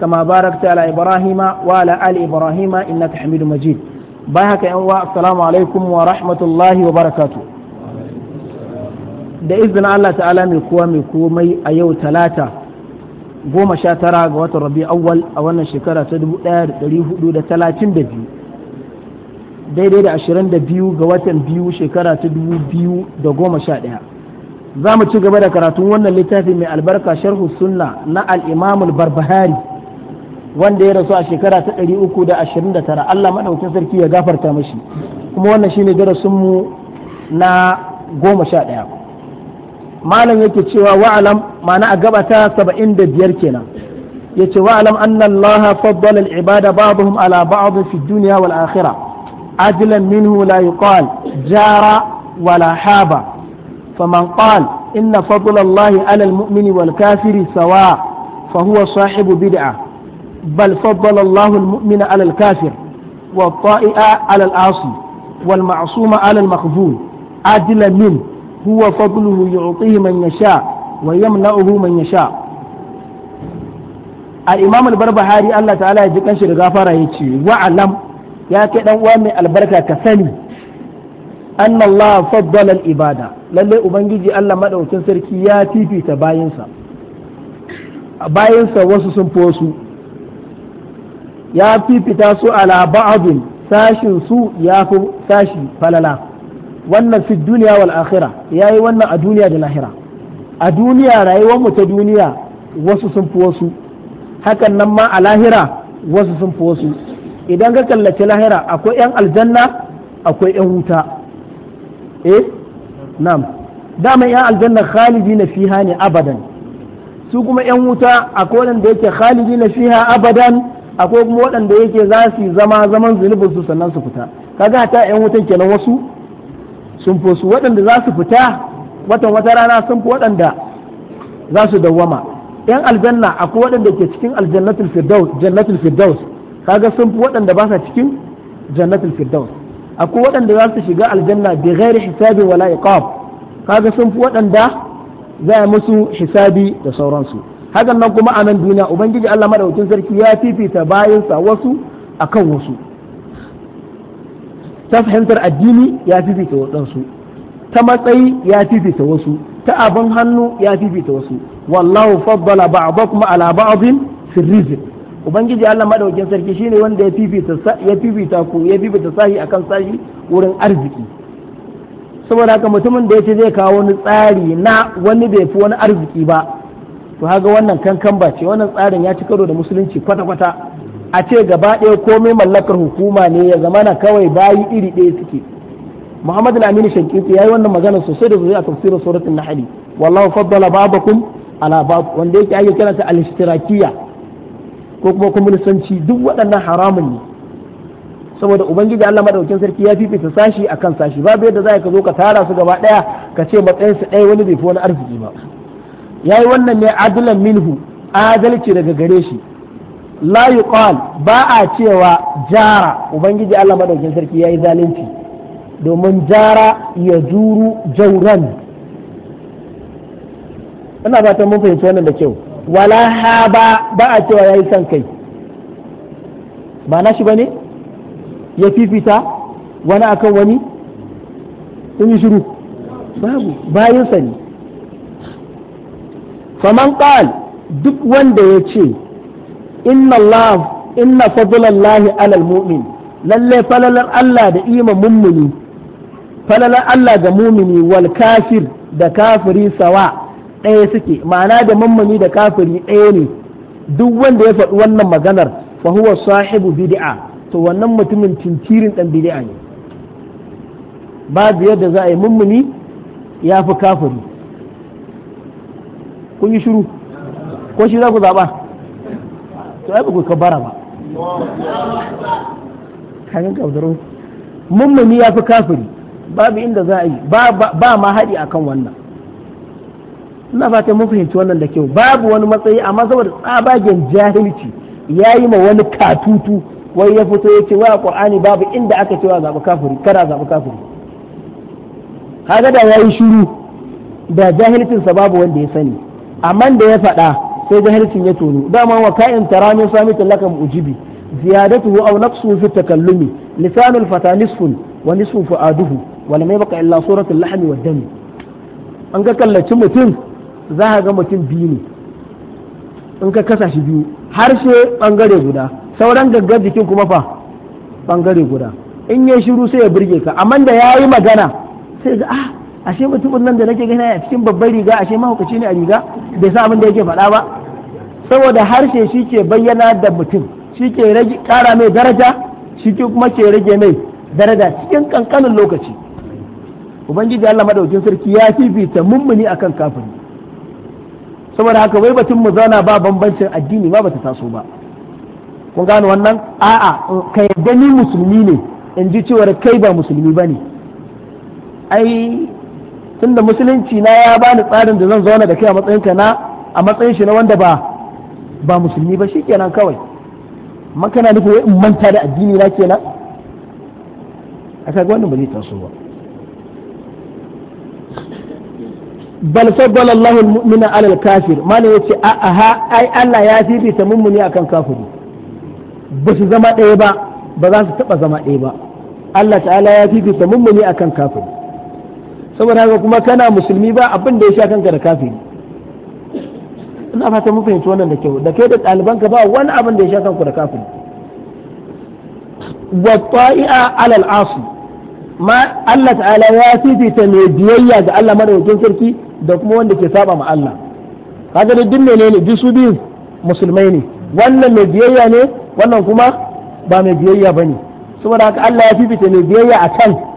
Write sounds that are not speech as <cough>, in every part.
كما باركت على إبراهيم وعلى آل إبراهيم إنك حميد مجيد بايعك أنواع السلام عليكم ورحمة الله وبركاته da izinin Allah ta'ala mai kowa mai komai a yau talata goma sha tara ga watan rabi awwal a wannan shekara ta dubu ɗaya da ɗari hudu da talatin da biyu daidai da ashirin da biyu ga watan biyu shekara ta dubu biyu da goma sha ɗaya za mu ci gaba da karatun wannan littafi mai albarka sharhu sunna na al'imamul barbahari wanda ya rasu a shekara ta 329 Allah madaukakin sarki ya gafarta mashi kuma wannan shine darasin mu na goma sha ɗaya malam yake cewa wa'alam ma'ana a gabata saba'in da biyar kenan yace wa'alam anna Allah faddala al-ibada ba'dhum ala ba'd fi dunya wal akhirah ajlan minhu la yuqal jara wala haba فمن قال إن فضل mu'mini wal kafiri sawa fa huwa sahibu بدعة بل فضل الله المؤمن على الكافر والطائع على العاصي والمعصوم على المخذول عدل منه هو فضله يعطيه من يشاء ويمنعه من يشاء الإمام البربهاري الله تعالى يجيكن شي غفارة يجي وعلم يا كدن وامي البركة كسني أن الله فضل الإبادة للي أبنجي الله مدعو تنسركي يا تيفي تباينسا باينسا وسوسن فوسو ya fifita su ala ba'dhin sashin su ya fi sashi falala wannan fi duniya wal ya yi wannan a duniya da lahira a duniya rayuwar mu ta duniya wasu sun fi wasu hakan nan ma a lahira wasu sun fi wasu idan ka kallaci lahira akwai yan aljanna akwai yan wuta eh na'am dama yan aljanna khalidina fiha ne abadan su kuma yan wuta akwai wanda yake khalidina fiha abadan akwai kuma waɗanda yake za su zama zaman zunubin su sannan su fita kaga ta yan wutan kenan wasu sun su waɗanda za su fita watan wata rana sun fi waɗanda za su dawwama yan aljanna akwai waɗanda ke cikin aljannatul firdaus jannatul firdaus kaga sun fi waɗanda ba sa cikin jannatul firdaus akwai waɗanda za su shiga aljanna bi ghairi hisabi wala iqab kaga sun fi waɗanda za a musu hisabi da sauransu hakan nan kuma a nan duniya ubangiji Allah madaukin sarki ya fifita bayansa wasu akan wasu ta fahimtar addini ya fifita waɗansu ta matsayi ya fifita wasu ta abin hannu ya fifita wasu wallahu faddala ba'dakum ala ba'din fi rizq ubangiji Allah madaukin sarki shine wanda ya fifita ya fifita ku ya fifita sahi akan sahi wurin arziki saboda haka mutumin da yace zai kawo wani tsari na wani bai fi wani arziki ba to haga wannan kankan ba ce wannan tsarin ya ci karo da musulunci kwata-kwata a ce gaba ɗaya komai mallakar hukuma ne ya zama na kawai bayi iri ɗaya suke muhammad Aminu amin shankiti yayi wannan magana sosai da zuwa a tafsirin suratul nahl wallahu faddala ba'dakum ala ba'd wanda yake ake kiransa al-ishtirakiyya ko kuma kumulisanci duk waɗannan haramun ne saboda ubangiji Allah madaukakin sarki ya fifita sashi akan sashi babu yadda za ka zo ka tara su gaba ɗaya ka ce matsayin su ɗaya wani bai fi wani arziki ba ya yi wannan ne adlan minhu adalci daga gare shi la yuqal ba a cewa jara ubangiji Allah madaukin sarki ya yi zalunci domin jara ya juru jauran ina ba ta mun fahimci wannan da kyau wala ha ba a cewa yayi san kai ba na shi ba ne ya fifita wani akan wani kun yi shiru babu bayan sani faman qal duk wanda ya ce inna Allah inna fadlallahi alal mu'min lalle falalar Allah da ima mummuni falalar Allah ga mumini wal kafir da kafiri sawa ɗaya suke ma'ana da mummuni da kafiri ɗaya ne duk wanda ya faɗi wannan maganar fa huwa sahibu bid'a to wannan mutumin tintirin dan bid'a ne babu yadda za a yi mummuni ya fi kafiri kun yi shiru ko shi za ku zaɓa to ai ba ku kabara ba kayan kabdaro mummuni ya fi kafiri babu inda za a yi ba ma haɗi akan wannan ina fata mun fahimci wannan da kyau babu wani matsayi amma saboda tsabagen jahilci ya yi ma wani katutu wai ya fito ya ce wa qur'ani babu inda aka cewa zaɓi kafiri kada zaɓi kafiri kaga da yayi shiru da jahilcinsa babu wanda ya sani amma da ya faɗa sai jahilcin ya tono dama wa ka'in taramin samitin ujibi ziyadatu wa aw naqsu fi takallumi lisanul fata nisfun wa nisfun fa'aduhu wa lam yabqa illa suratul lahmi wad dami an ka kallaci mutum za ka ga mutum biyu ne in ka kasa shi biyu harshe bangare guda sauran gaggar jikin kuma fa bangare guda in ya shiru sai ya burge ka amma da yayi magana sai ga ah ashe mutumin nan da nake gani a cikin babbar riga ashe mahaukaci ne a riga bai sa abin da yake faɗa ba saboda harshe shi ke bayyana da mutum shi ke ƙara mai daraja shi kuma ke rage mai daraja cikin ƙanƙanin lokaci ubangiji Allah madaukin sarki ya fifita mummuni akan kafiri saboda haka wai batun mu zauna ba bambancin addini ba bata taso ba kun gano wannan a'a ka yadda ni musulmi ne in ji cewar kai ba musulmi ba ne ai tunda musulunci na ya bani tsarin da zan zauna da kai a matsayin ka na a matsayin shi na wanda ba ba musulmi ba shi kenan kawai man kana nufin wai in manta da addini na kenan a kaga wannan ba zai taso ba bal faddala Allahu al-mu'mina 'ala al-kafir malai yace a ha ai Allah ya fifita mummuni akan kafiri ba su zama ɗaya ba ba za su taɓa zama ɗaya ba Allah ta'ala ya fifita mummuni akan kafiri saboda haka kuma kana musulmi ba abin da ya sha kanka da kafiri ina fata mu fahimci wannan da kyau da kai da ɗalibanka ba wani abin da ya sha kanku da kafiri wa ta'i'a alal asu ma Allah ta'ala ya fifita mai biyayya ga Allah madaukakin sarki da kuma wanda ke saba ma Allah kaga da duk menene duk su biyu musulmai ne wannan mai biyayya ne wannan kuma ba mai biyayya bane saboda haka Allah ya fifita mai biyayya a kan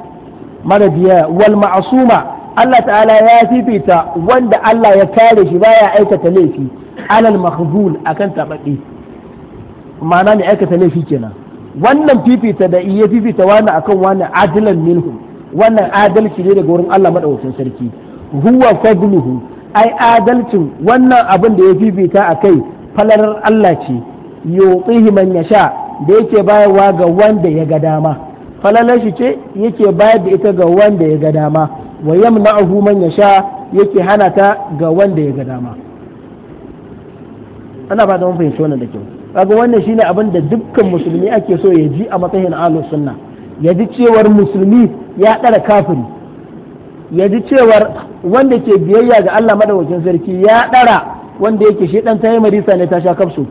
mara biya wal ma'asuma Allah ta'ala ya fifita wanda Allah ya kare shi baya aikata laifi alal mahzul akan tabaki ma'ana ne aikata laifi kenan wannan fifita da iya fifita wani akan wani adilan minhu wannan adalci ne daga wurin Allah madaukakin sarki huwa fadluhu ai adalcin wannan abin da ya fifita akai falalar Allah ce yutihi man yasha da yake bayarwa ga wanda ya ga dama falalar shi ce yake bayar da ita ga wanda ya ga dama wa yamna'uhu man yasha yake hana ta ga wanda ya ga dama ana ba da mun fahimci wannan da kyau kaga wannan shine abin da dukkan musulmi ake so ya ji a matsayin ahlus sunna ya ji cewar musulmi ya dara kafiri ya ji cewar wanda ke biyayya ga Allah madawacin sarki ya dara wanda yake shi ɗan tayi ne ta sha kafsu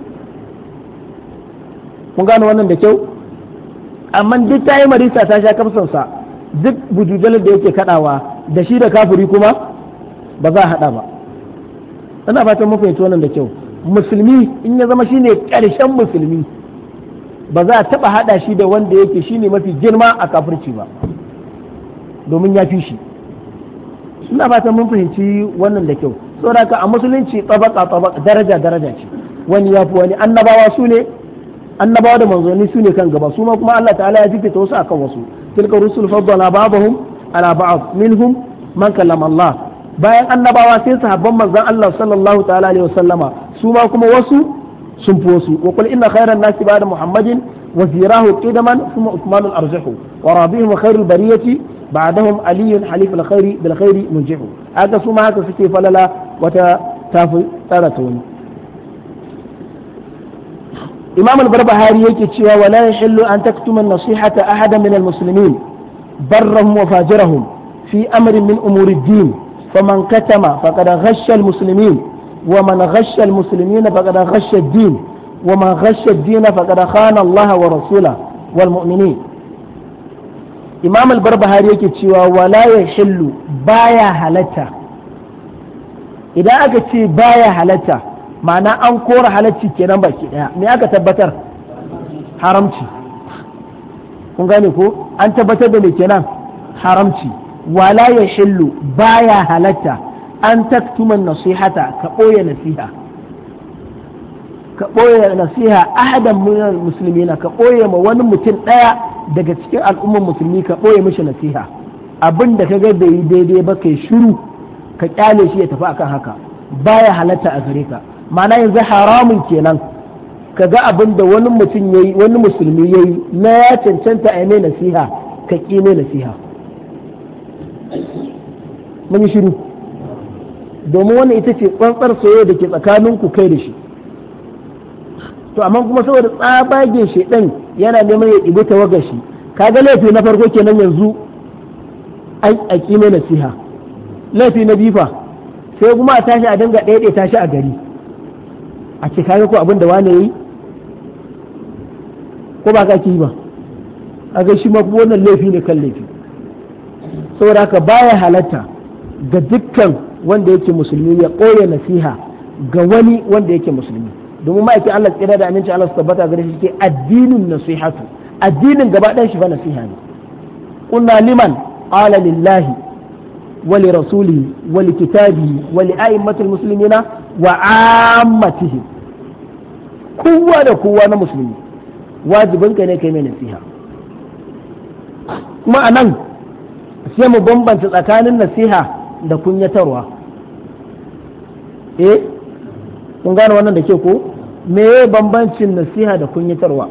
kun gano wannan da kyau amma duk ta yi marisa ta sha kamsansa duk bujujalar da yake kadawa da shi da kafuri kuma ba za a hada ba ina fatan mu fahimci wannan da kyau musulmi in ya zama shine karshen musulmi ba za a taba hada shi da wanda yake shine mafi girma a kafirci ba domin ya fi shi ina fatan mun fahimci wannan da kyau saboda a musulunci tabaka tabaka daraja daraja ce wani ya fi wani annabawa su ne annabawa da manzanni su ne kan gaba su ma kuma Allah ta'ala ya jikita wasu akan wasu tilka rusul fadala ba'dhum ala ba'd minhum bayan annabawa sai sahabban manzon Allah sallallahu ta'ala alaihi su ma kuma wasu sun fi wasu wa qul inna khayran nas muhammadin wa zirahu qidaman thumma usman al-arzihu wa radihim khayrul bariyati ba'dahum aliyun halif al-khayri bil khayri munjihu haka su ma haka suke falala wata tafi tsara ta wani Imamal al-barbahari yake cewa wala yahillu an taktuma nasihata ahada min al-muslimin barrahum wa fi amrin min umuri din faman katama faqad ghashsha al-muslimin ومن غش المسلمين فقد غش الدين ومن غش الدين فقد خان الله ورسوله والمؤمنين imam al-barbahari yake cewa wala ya shillu baya halatta idan aka ce baya halatta ma'ana an kora halacci kenan baki daya me aka tabbatar haramci kun gane ko an tabbatar da me kenan haramci wala ya shillu baya halatta an taktuma nasihata ka ɓoye nasiha ka ɓoye nasiha ahadan min muslimina ka boye ma wani mutum ɗaya daga cikin al'ummar musulmi ka ɓoye mishi nasiha abin da ka bai yi daidai ba kai shiru ka kyale shi ya tafi akan haka baya halatta a gare ka ma'ana yanzu haramun kenan ka ga abin da wani mutum ya yi, wani musulmi yayi na ya cancanta a mai nasiha ka ƙi mai nasiha mun yi shiru domin wannan ita ce tsantsar soyayya da ke tsakanin ku kai da shi to amma kuma saboda tsabagen shedan yana neman ya ɗibi tawagar shi ga laifi na farko kenan yanzu ai a ƙi mai nasiha laifi na bifa sai kuma a tashi a dinga ɗaiɗaita tashi a gari a ce kaga ko abin da wane yi ko ba ka ki ba ga shi ma wannan laifi ne kan laifi saboda ka baya halatta ga dukkan wanda yake musulmi ya koya nasiha ga wani wanda yake musulmi domin ma'aikin Allah tsira da aminci Allah su tabbata gare shi ke addinin nasihatu addinin gaba dan shi fa nasiha ne qulna liman qala lillahi Wali wali rasuli ولرسوله ولكتابه ولأئمة المسلمين وعامتهم kowa da kowa na musulmi wajibinka ne kai mai nasiha kuma a nan sai mu bambanta tsakanin nasiha da kunyatarwa eh kun gane wannan da ke ko me bambancin nasiha da kunyatarwa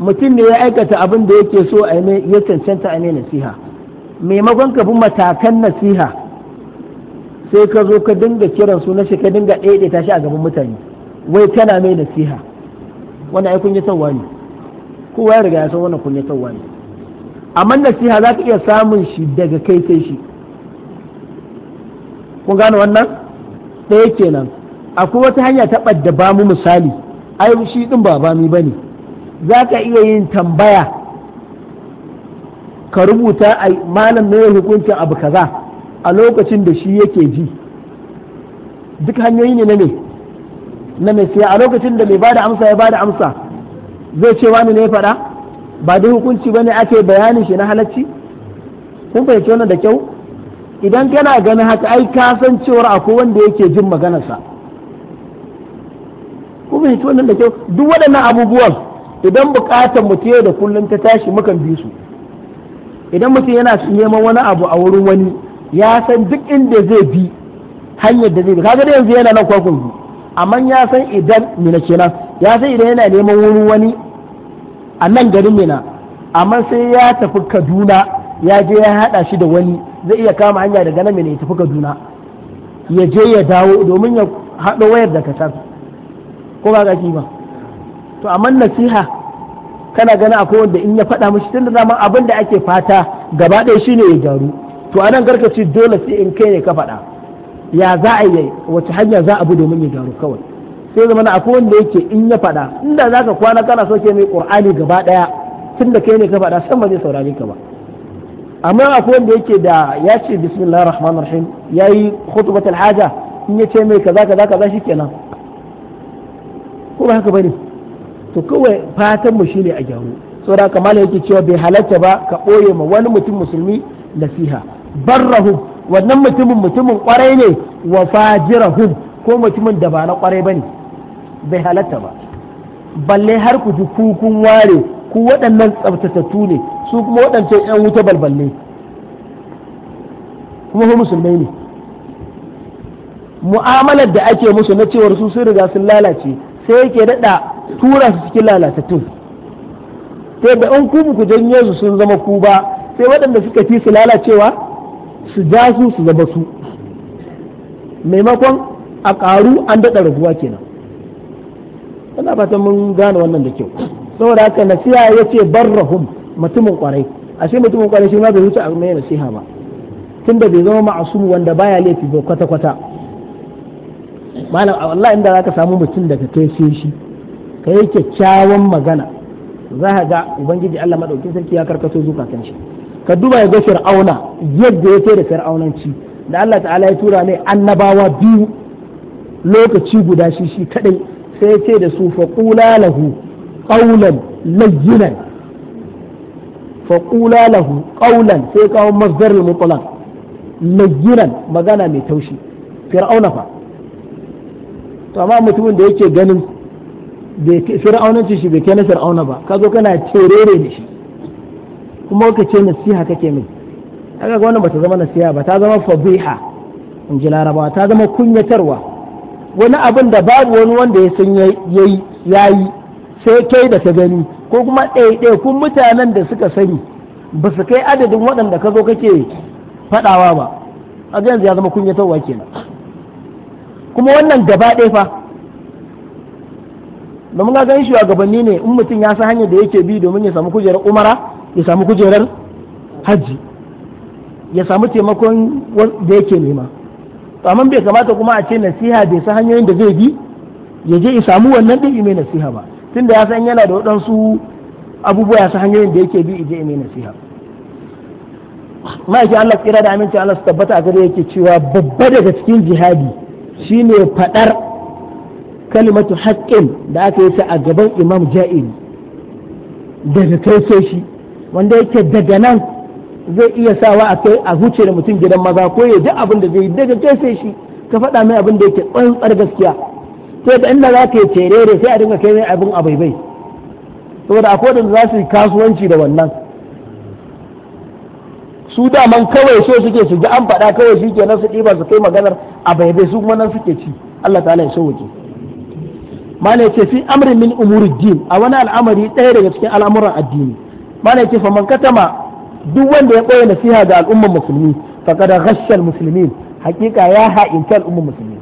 mutum ne ya aikata abin da yake so a ya cancanta a mai nasiha maimakon ka bi matakan nasiha sai ka zo ka dinga kiran na shi ka dinga ɗaiɗaita shi a gaban mutane wai kana mai nasiha wannan ai kunya tawwa ne kowa ya riga ya san wannan kunya tawwa ne amma nasiha za ka iya samun shi daga kai sai shi kun gane wannan ɗaya kenan akwai wata hanya ta ɓadda ba mu misali ai shi ɗin ba ba mi ba ne za ka iya yin tambaya ka rubuta a malam ne hukuncin abu kaza a lokacin da shi yake ji duk hanyoyi ne na me na me sai a lokacin da mai bada amsa ya bada amsa zai ce wani ne ya faɗa ba da hukunci ba bane ake bayanin shi na halacci kun fahimci wannan da kyau idan kana ganin haka ai ka san cewar akwai wanda yake jin maganarsa kun fahimci wannan da kyau duk waɗannan abubuwan idan bukatar mutum da kullum ta tashi mukan bi su idan mutum yana neman wani abu a wurin wani ya san duk inda zai bi hanyar da zai bi kaga da yanzu yana nan kwakwun bi amma ya san idan mina kenan ya san idan yana neman wurin wani a nan garin mina amma sai ya tafi kaduna ya je ya haɗa shi da wani zai iya kama hanya daga nan mina ya tafi kaduna ya je ya dawo domin ya haɗo wayar da kasar ko ba ga ba to amma nasiha kana gani akwai wanda in ya faɗa mishi tun da zaman abin da ake fata gaba ɗaya shine ya gyaru to anan garka ce dole sai in kai ne ka faɗa ya za a yi wace hanya za a bi domin ya gyaru kawai sai zama na akwai wanda yake in ya faɗa inda za ka kwana kana so ke mai ƙur'ani gaba ɗaya tun da kai ne ka faɗa san ba zai saurare ka ba amma akwai wanda yake da ya ce bismillah rahman rahim ya yayi khutbatul haja in ya ce mai kaza kaza kaza shikenan ko ba haka bane to kawai fatan mu shine a gyaru saboda kamar yake cewa bai halatta ba ka ɓoye ma wani mutum musulmi nasiha barrahu wannan mutumin mutumin kwarai ne wa fajirahu ko mutumin da ba na kwarai bane bai halatta ba balle har ku ji kukun ware ku waɗannan tsabtatattu ne su kuma waɗancan 'yan wuta balballe kuma hu musulmai ne mu'amalar da ake musu na cewar su sun riga sun lalace sai yake daɗa tura su cikin lalatattun sai da an ku ku janye su sun zama ku ba sai waɗanda suka fi su lalacewa su ja su su zama su maimakon a ƙaru an daɗa raguwa kenan ina fatan mun gane wannan da kyau saboda haka nasiha ya ce barrahum mutumin kwarai a shi mutumin kwarai shi ma bai wuce a mai nasiha ba tunda bai zama ma'asum wanda baya laifi ba kwata-kwata malam wallahi inda zaka samu mutum da ka kai shi ka yi kyakkyawan magana za ka ga ubangiji Allah madaukin sarki ya karkato zukatan shi ka duba ya ga fir'auna yadda ya da fir'aunanci da Allah ta'ala ya tura ne annabawa biyu lokaci guda shi shi kadai sai ya da su faqula lahu qawlan layyinan faqula lahu qawlan sai kawo masdar mutlaq layyinan magana mai taushi fir'auna fa amma mutumin da yake ganin fir'aunancin shi bai kai na fir'auna ba ka zo kana terere da shi kuma ka ce nasiha kake mai aka ga wannan bata zama nasiha ba ta zama fadiha in ji larabawa ta zama kunyatarwa wani abin da babu wani wanda ya san yayi yayi sai kai da ka gani ko kuma ɗaya kun mutanen da suka sani ba su kai adadin waɗanda ka zo kake faɗawa ba a yanzu ya zama kunyatarwa kenan kuma wannan gaba ɗaya fa domin ga ganin shugabanni ne in mutum ya san hanyar da yake bi domin ya samu kujerar umara ya samu kujerar hajji ya samu taimakon da yake nema to amma bai kamata kuma a ce nasiha bai san hanyoyin da zai bi ya je ya samu wannan din mai nasiha ba tunda ya san yana da waɗansu abubuwa ya san hanyoyin da yake bi je mai nasiha ma'aikin Allah kira da amincin Allah su tabbata a gare yake cewa babba daga cikin jihadi shine fadar kalimatu haƙƙin da aka yi sa a gaban imam ja'iri daga kai shi wanda yake daga nan zai iya sawa a kai a huce da mutum gidan maza ko ya ji abin da zai yi daga kai sai shi ka faɗa mai abin da yake tsantsar gaskiya to da inda za ka yi cerere sai a dinga kai mai abin a baibai saboda akwai da za su yi kasuwanci da wannan su daman kawai so suke su ji an faɗa kawai shi nan su ɗiba su kai maganar a baibai su kuma nan suke ci Allah ta'ala ya sauke mala yace fi amri min umurid din a wani al'amari ɗaya daga cikin al'amuran addini mala yace fa man katama duk wanda ya ɓoye nasiha ga al'ummar musulmi faqad ghashsha al-muslimin haƙiƙa ya ha'inta al'ummar musulmi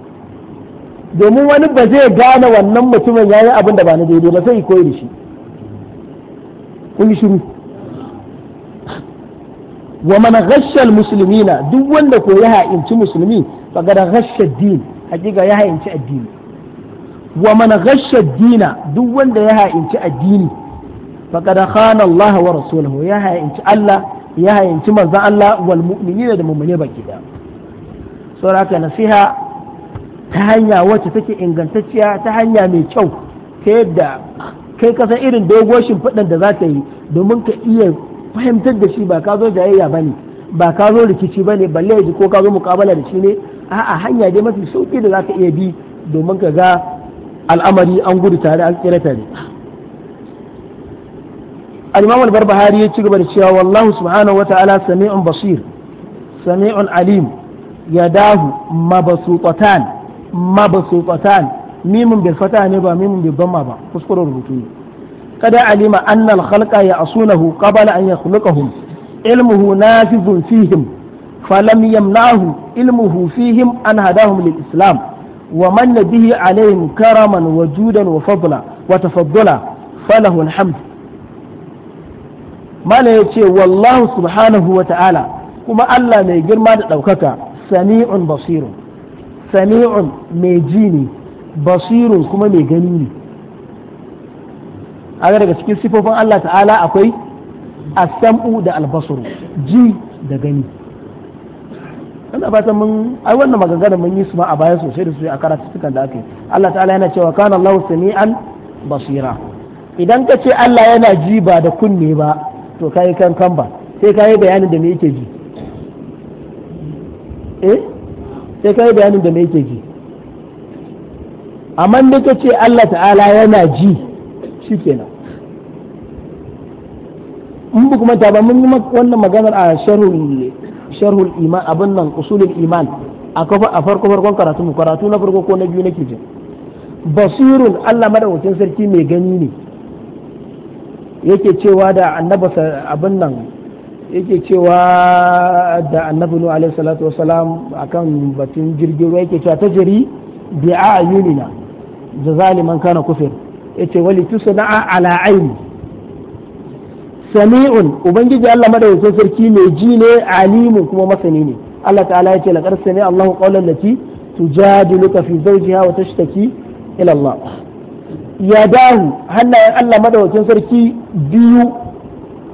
domin wani ba zai gane wannan mutumin yayi abin da ba na daidai ba sai koyi da shi kun shiru wa man ghashsha al-muslimina duk wanda ko ya ha'inci musulmi faqad ghashsha ad-din haƙiƙa ya ha'inci addini wa man ghashsha dina duk wanda ya ha'inci addini faqad khana Allah wa rasuluhu ya ha'inci Allah ya ha'inci manzan Allah wal mu'minina da mu'mine baki da saboda nasiha ta hanya wacce take ingantacciya ta hanya mai kyau ta yadda kai kasan irin dogon shimfiɗan da za ta yi domin ka iya fahimtar da shi ba ka zo jayayya ba ne ba ka zo rikici ba ne balle ji ko ka zo mukabala da shi ne a'a hanya dai mafi sauki da za ka iya bi domin ka ga al'amari an gudu tare an tsira tare al-imam al-barbahari ya ci gaba da cewa wallahu subhanahu wata'ala sami'un basir sami'un alim yadahu mabsuqatan mabsuqatan mimun bil fata ne ba mimun bil dhamma ba kuskuren rubutu ne kada alima anna al-khalqa ya'sunahu qabla an yakhluqahum ilmuhu nafizun fihim falam yamnahu ilmuhu fihim an hadahum lil islam ومن به عليهم كرما وجودا وفضلا وتفضلا فله الحمد ما لا والله سبحانه وتعالى كما الله ما يجر ما دوكك سميع بصير سميع ميجيني بصير كما ميجنيني aga daga cikin sifofin Allah ta'ala akwai asam'u da albasaru ji da gani ina fatan mun ai wannan maganganun mun yi su ma a baya sosai da su a karatukan da aka yi Allah ta'ala yana cewa kana Allahu sami'an basira idan ka ce Allah yana ji ba da kunne ba to kai kan kan ba sai kai bayanin da me yake ji eh sai kai bayanin da me yake ji amma ne ka ce Allah ta'ala yana ji shikenan in ba kuma ta ba mun yi wannan maganar a sharhul sharhul iman abin nan usulul iman a kafa a farko farkon karatu mu karatu na farko ko na biyu nake jin basirun Allah madaukakin sarki mai gani ne yake cewa da annabi abin nan yake cewa da annabi nu alaihi salatu wasalam akan batun jirgin ruwa yake cewa tajri bi ayunina da zaliman kana kufir yace wali tusna ala aini sami'un ubangiji Allah madaukakin sarki mai ji ne alimun kuma masani ne Allah ta'ala ya ce laqad sami Allahu qawlan lati tujadiluka fi zawjiha wa tashtaki ila Allah ya dahu hannayen Allah madaukakin sarki biyu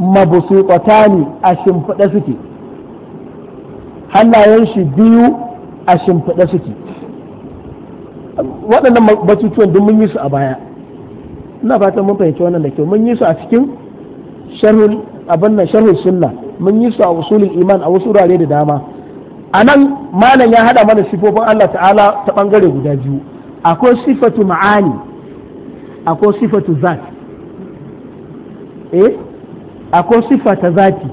mabsutatani a shimfiɗa suke hannayen shi biyu a shimfiɗa suke waɗannan batutuwan duk mun yi su a baya ina fatan mun fahimci wannan da kyau mun yi su a cikin sharhul abin nan sharhul sunna mun yi su a usulul iman a wasu wurare da dama a nan malam ya hada mana sifofin Allah ta'ala ta bangare guda biyu akwai sifatu ma'ani akwai sifatu zat eh akwai sifata zati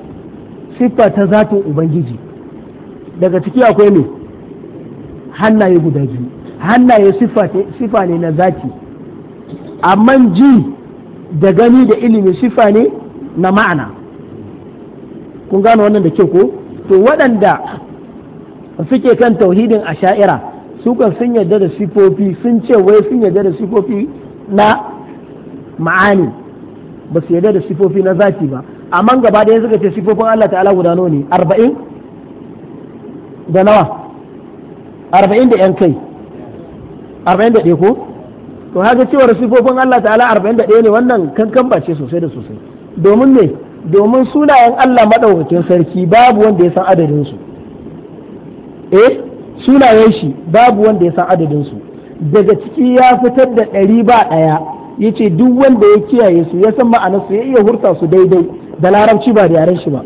sifata zati zatin ubangiji daga ciki akwai ne hannaye guda biyu hannaye sifa ne na zati amma ji da gani da ilimi sifa ne na ma'ana kun gano wannan da ke ko to waɗanda suke kan tauhidin a sha'ira su kan sun yarda da sifofi sun ce wai sun yarda da sifofi na ma'ani ba su yarda da sifofi na zafi ba amma gaba ɗaya suka ce sifofin Allah ta'ala guda nawa ne arba'in da nawa arba'in da yan kai arba'in da ɗaya ko to haka cewar sifofin Allah ta'ala arba'in da ɗaya ne wannan kankan ba ce sosai da sosai domin me domin sunayen Allah maɗaukakin sarki babu wanda ya san adadinsu? eh sunayen shi babu wanda ya san adadinsu? daga ciki ya fitar da ɗari ba ɗaya ya ce duk wanda ya kiyaye su ya san ma'anarsu ya iya hurta su daidai da larabci ba da yaren shi ba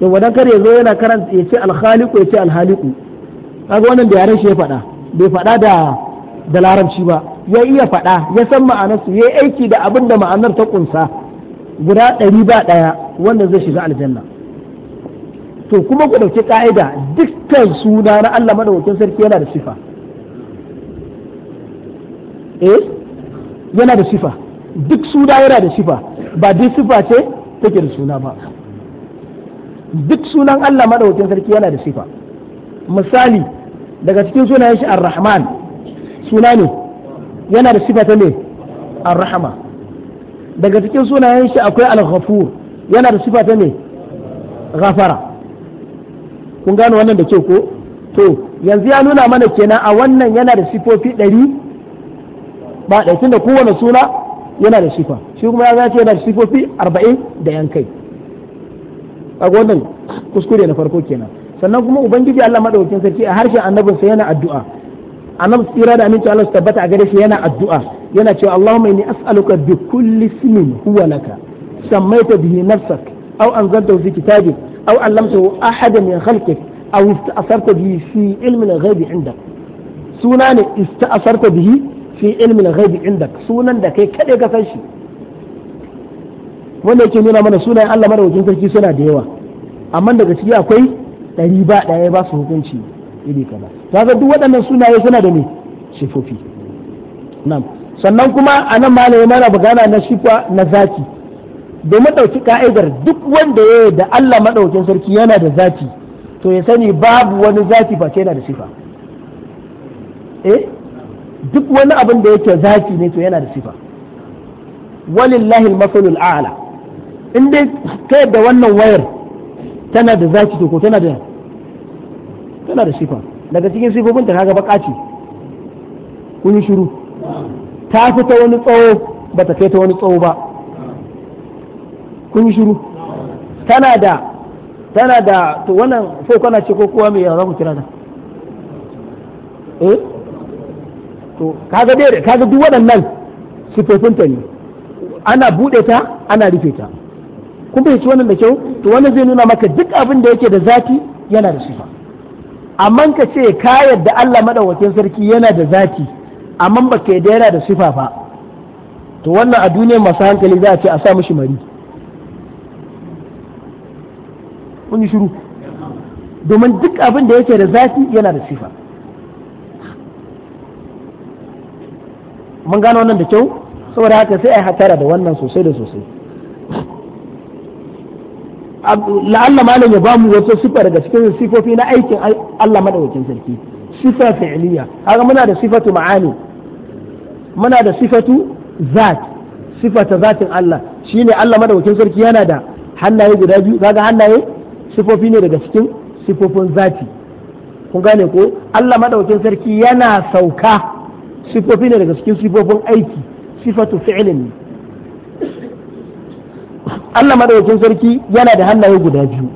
to wadan kar ya zo yana karanta ya ce alhaliku ya ce alhaliku kaga wannan da yaren shi ya faɗa bai faɗa da da larabci ba ya iya faɗa ya san ma'anarsu Ya ya aiki da abin da ma'anar ta kunsa guda ɗari ba ɗaya wanda zai shiga aljanna to kuma ku ɗauki ƙa'ida dukkan suna na Allah maɗaukin sarki yana da sifa eh yana da sifa duk suna yana da sifa ba duk sifa ce take da suna ba duk sunan Allah maɗaukin sarki yana da sifa misali daga cikin sunayen shi ar-rahman suna ne yana da sifa ta ne ar-rahma daga cikin sunayen shi akwai al-ghafur yana da sifa ta ne ghafara kun gano wannan da ke ko to yanzu ya nuna mana kenan a wannan yana da sifofi ɗari ba ɗaya tunda kowane suna yana da sifa shi kuma ya zace yana da sifofi arba'in da yan kai a wannan kuskure na farko kenan sannan kuma ubangiji Allah madaukakin sarki a harshen annabinsa yana addu'a annabi tsira da aminci Allah su tabbata a gare shi yana addu'a yana cewa Allahumma inni as'aluka bi kulli ismin huwa laka sammaita bihi nafsak aw anzaltahu fi kitabik aw allamtahu ahadan min khalqik aw ista'sarta bihi fi ilmi al-ghaibi indak suna ne ista'sarta bihi fi ilmi al-ghaibi indak sunan da kai kade ka san shi wanda yake nuna mana sunayen Allah wajen sarki suna da yawa amma daga ciki akwai ɗari ba ɗaya ba su hukunci iri kaza ga duk waɗannan sunaye suna da ne sifofi na'am sannan kuma a nan malami mana bugana na shifa na zaki domin ɗauki ka'idar duk wanda ya yi da Allah maɗaukin sarki yana da zaki to ya sani babu wani zaki ba yana da sifa eh duk wani abin da yake zaki ne to yana da sifa walillahi al-masalul a'la in dai kai da wannan wayar tana da zaki to ko tana da tana da sifa daga cikin sifofin ta kaga baka ce kun shiru ta fi ta wani tsawo ba ta kai ta wani tsawo ba kun yi shiru tana da tana da to wannan so kana ce ko kowa mai za ku kira da eh to kaga dai kaga duk waɗannan sifofin ta ne ana bude ta ana rufe ta kun bai ci wannan da kyau to wannan zai nuna maka duk abin da yake da zaki yana da sifa amma ka ce ka yadda Allah madaukakin sarki yana da zaki. amma ba ke da yana da sifa ba to wannan a duniyar masu hankali za a ce a sa mishi mari kun yi shiru domin duk abin da yake da zafi yana da sifa mun gano wannan da kyau saboda haka sai a hatara da wannan sosai da sosai la'alla malam ya bamu wata sifa daga cikin sifofi na aikin Allah madaukakin sarki sifa fi'liya haka muna da sifatu ma'ani muna da sifatu zat sifata zatin Allah shine Allah madaukakin sarki yana da hannaye guda biyu kaga hannaye sifofi ne daga cikin sifofin zati kun gane ko Allah madaukakin sarki yana sauka sifofi ne daga cikin sifofin aiki sifatu fi'lin Allah madaukakin sarki yana da hannaye guda biyu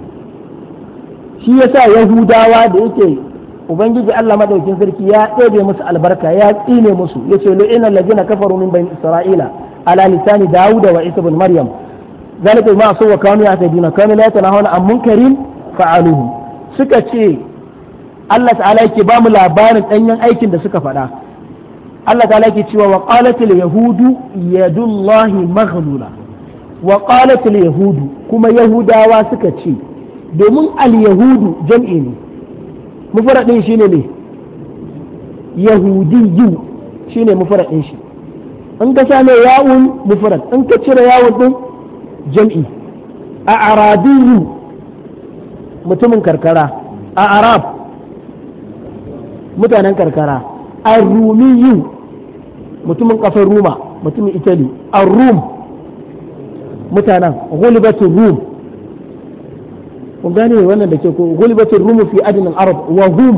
shi yasa yahudawa da yake ubangiji Allah madaukin sarki ya ɗebe musu albarka ya tsine musu yace lu'ina allazina kafaru min bani isra'ila ala lisani dauda wa isa ibn maryam zalika ma asu wa kanu yahtaduna kanu la yatanahuna an munkarin fa'aluhu suka ce Allah ta'ala yake ba mu labarin danyen aikin da suka faɗa Allah ta'ala yake cewa wa qalatil yahudu yadullahi maghlula wa qalatil yahudu kuma yahudawa suka ce domin al yahudu jam'i ne mufaradin shi ne shi ne mufaradin shi in ka same yawun mufarad in ka cire yawun din jam'i a arabiyu mutumin karkara a arab mutanen karkara a rumiyu mutumin kasar ruma mutumin italy a rum mutanen gulibatu rum kun gane wannan da ke ko gulbatin rumu fi adinin arab wa hum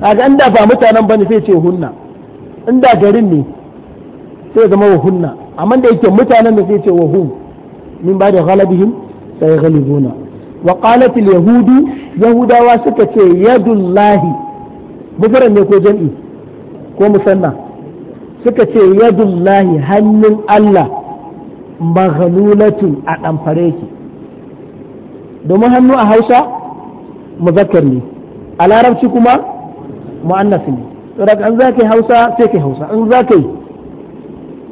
kaga inda ba mutanen bane sai ce hunna inda garin ne sai zama wa hunna amma da yake mutanen da sai ce wa hum min ba da ghalabihim sai ghalibuna wa qalat al yahudu yahudawa suka ce yadullahi mufrad ne ko jam'i ko musanna suka ce yadullahi hannun Allah maghlulatu a damfare yake. domin hannu a hausa muzakkar ne a larabci kuma mu'annas ne saboda an za ka yi hausa sai ka hausa an za ka yi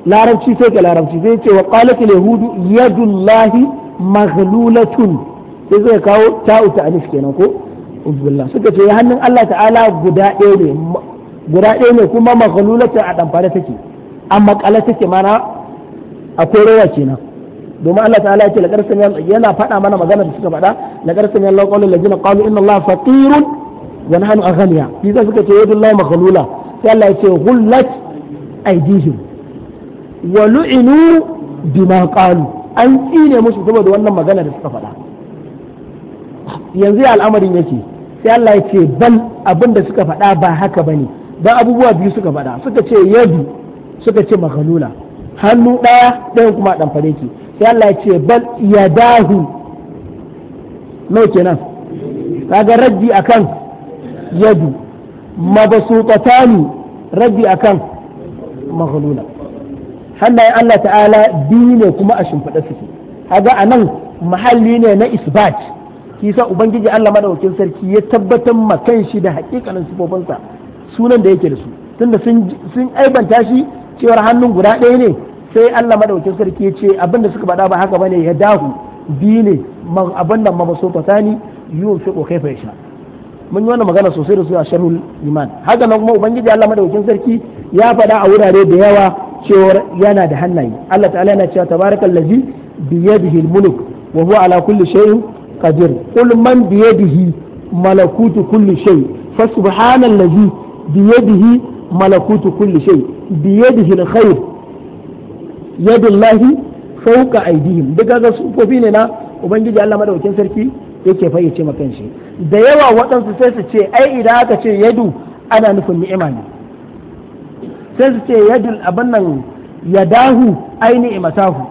larabci sai ka larabci sai ce wa qalat al yahudu yadullahi maghlulatun sai zai kawo ta'u ta alif kenan ko ubillah suka ce hannun Allah ta'ala guda ɗaya ne guda ɗaya ne kuma maghlulatun a damfare take amma kala take mana akwai rawa kenan domin Allah ta'ala ya ce laqad sami'a yana faɗa mana magana da suka faɗa laqad sami'a Allah qawlan lajina qalu inna Allah wani hannu a aghniya idan suka ce yadullahi maghlula sai Allah ya ce hullat aydihim wa lu'inu bima qalu an tsine musu saboda wannan magana da suka faɗa yanzu al'amarin yake sai Allah ya ce bal abin da suka faɗa ba haka bane dan abubuwa biyu suka faɗa suka ce yadu suka ce maghlula hannu ɗaya ɗayan kuma ɗanfare fareki sai Allah ya ce bal yadahu mai kenan kaga raddi akan yadu mabsutatani raddi akan maghluna hannayen Allah ta'ala biyu ne kuma a shimfada suke kaga anan mahalli ne na isbat kisa ubangiji Allah madaukin sarki ya tabbatar ma kanshi da hakikanin sifofinsa sunan da yake da su tunda sun aibanta shi cewar hannun guda ɗaya ne sai Allah madaukakin sarki ya ce abinda suka faɗa ba haka bane ya dahu biyu ne abin nan mabaso fatani yiwu fi ko kaifa sha mun yi wani magana sosai da su a sharhul iman haka nan kuma ubangiji Allah madaukakin sarki ya faɗa a wurare da yawa cewa yana da hannaye Allah ta'ala yana cewa tabarakallazi biyadihi mulk wa huwa ala kulli shay'in qadir qul man biyadihi malakutu kulli shay fa subhanallazi biyadihi malakutu kulli shay biyadihi alkhair yadullahi fauka aidihim duk ga sufofi ne na ubangiji Allah madaukakin sarki yake fayyace ma kanshi da yawa waɗansu sai su ce ai idan aka ce yadu ana nufin ni'ima ne sai su ce yadul abin nan yadahu ai ni'imatahu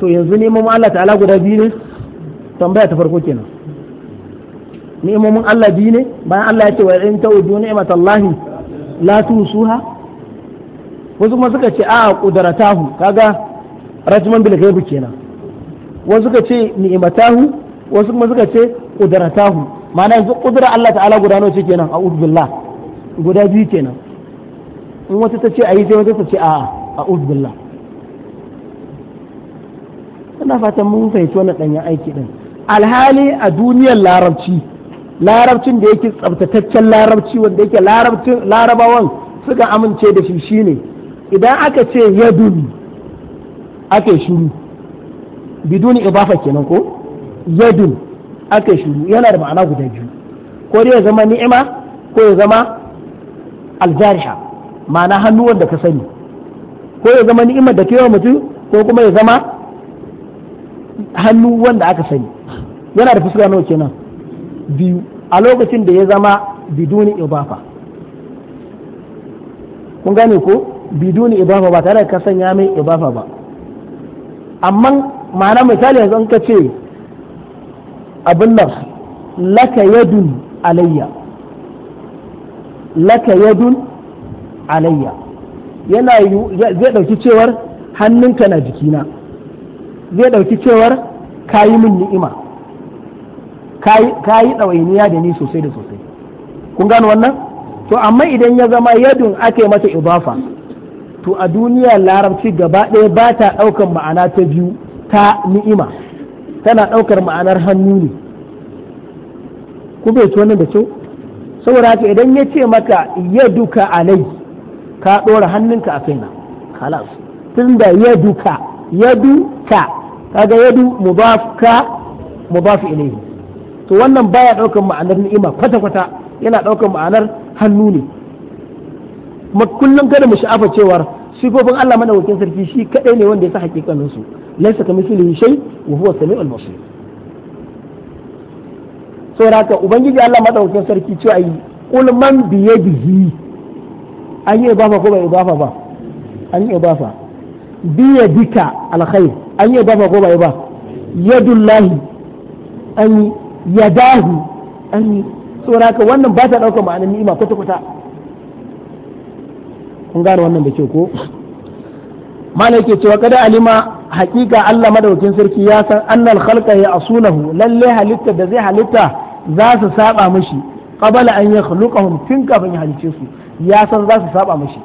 to yanzu neman Allah ta'ala guda biyu ne tambaya ta farko kenan ni'imomin Allah biyu ne bayan Allah ya ce wa in ta'udu ni'matallahi la tusuha wasu kuma suka ce a qudratahu kaga rajman bil ghaib kenan wasu suka ce ni'matahu wasu kuma suka ce qudratahu ma'ana yanzu kudura Allah ta'ala guda nawa ce kenan a'udhu billah guda biyu kenan in wata ta ce ayi sai wata ta ce a a'udhu billah ina fatan mun fahimci wannan danyen aiki din alhali a duniyar larabci larabcin da yake tsabtataccen larabci wanda yake larabcin larabawan suka amince da shi shine idan aka ce ya dubi aka shiru bidun ibafa kenan ko ya dubi aka shiru yana da ma'ana guda biyu ko dai ya zama ni'ima ko ya zama aljariha ma'ana hannuwan da ka sani ko ya zama ni'imar da kewa mutum ko kuma ya zama hannu wanda aka sani yana da fuska nawa kenan biyu a lokacin da ya zama biduni ibafa kun gane ko biduni Ibafa ba tare ka sanya mai Ibafa ba amma ma'ana misali yanzu an ka ce abin nan laka yadun alayya laka yadun alayya yana zai ɗauki cewar hannunka na jikina zai ɗauki cewar kayi min ni'ima kayi ɗawainiya da ni sosai da sosai kun gano wannan to amma idan ya zama yadun ake mata Ibafa. to a duniya larabci gaba ɗaya ba ta ɗaukar ma'ana ta biyu ta ni'ima tana ɗaukar ma'anar hannu ne ku bai wannan da kyau saboda haka idan ya ce maka ya duka alai ka ɗora hannunka a kai na. halas tun da ya duka ya duka kaga ya du mubafka ka ilai to wannan baya ɗaukar ma'anar ni'ima kwata-kwata yana ɗaukar ma'anar hannu ne kuma kullum kada mu sha'afa cewa sifofin Allah madaukakin sarki shi kadai ne wanda ya sa hakikanin su laysa kamithlihi shay wa huwa samiul basir saboda haka ubangiji Allah madaukakin sarki cewa ai qul man bi yadihi an yi idafa ko bai idafa ba an yi idafa bi yadika alkhair an yi idafa ko bai ba yadullahi an yadahi an saboda haka wannan ba ta ma'anin ma'anar ni'ima kwata-kwata kun gane wannan da ke ko malai ke cewa kada alima hakika Allah maɗaukin sarki ya san annal khalqa ya asulahu lalle halitta da zai halitta za su saba mishi qabala an yakhluqahum tun kafin ya halice su ya san za su saba mishi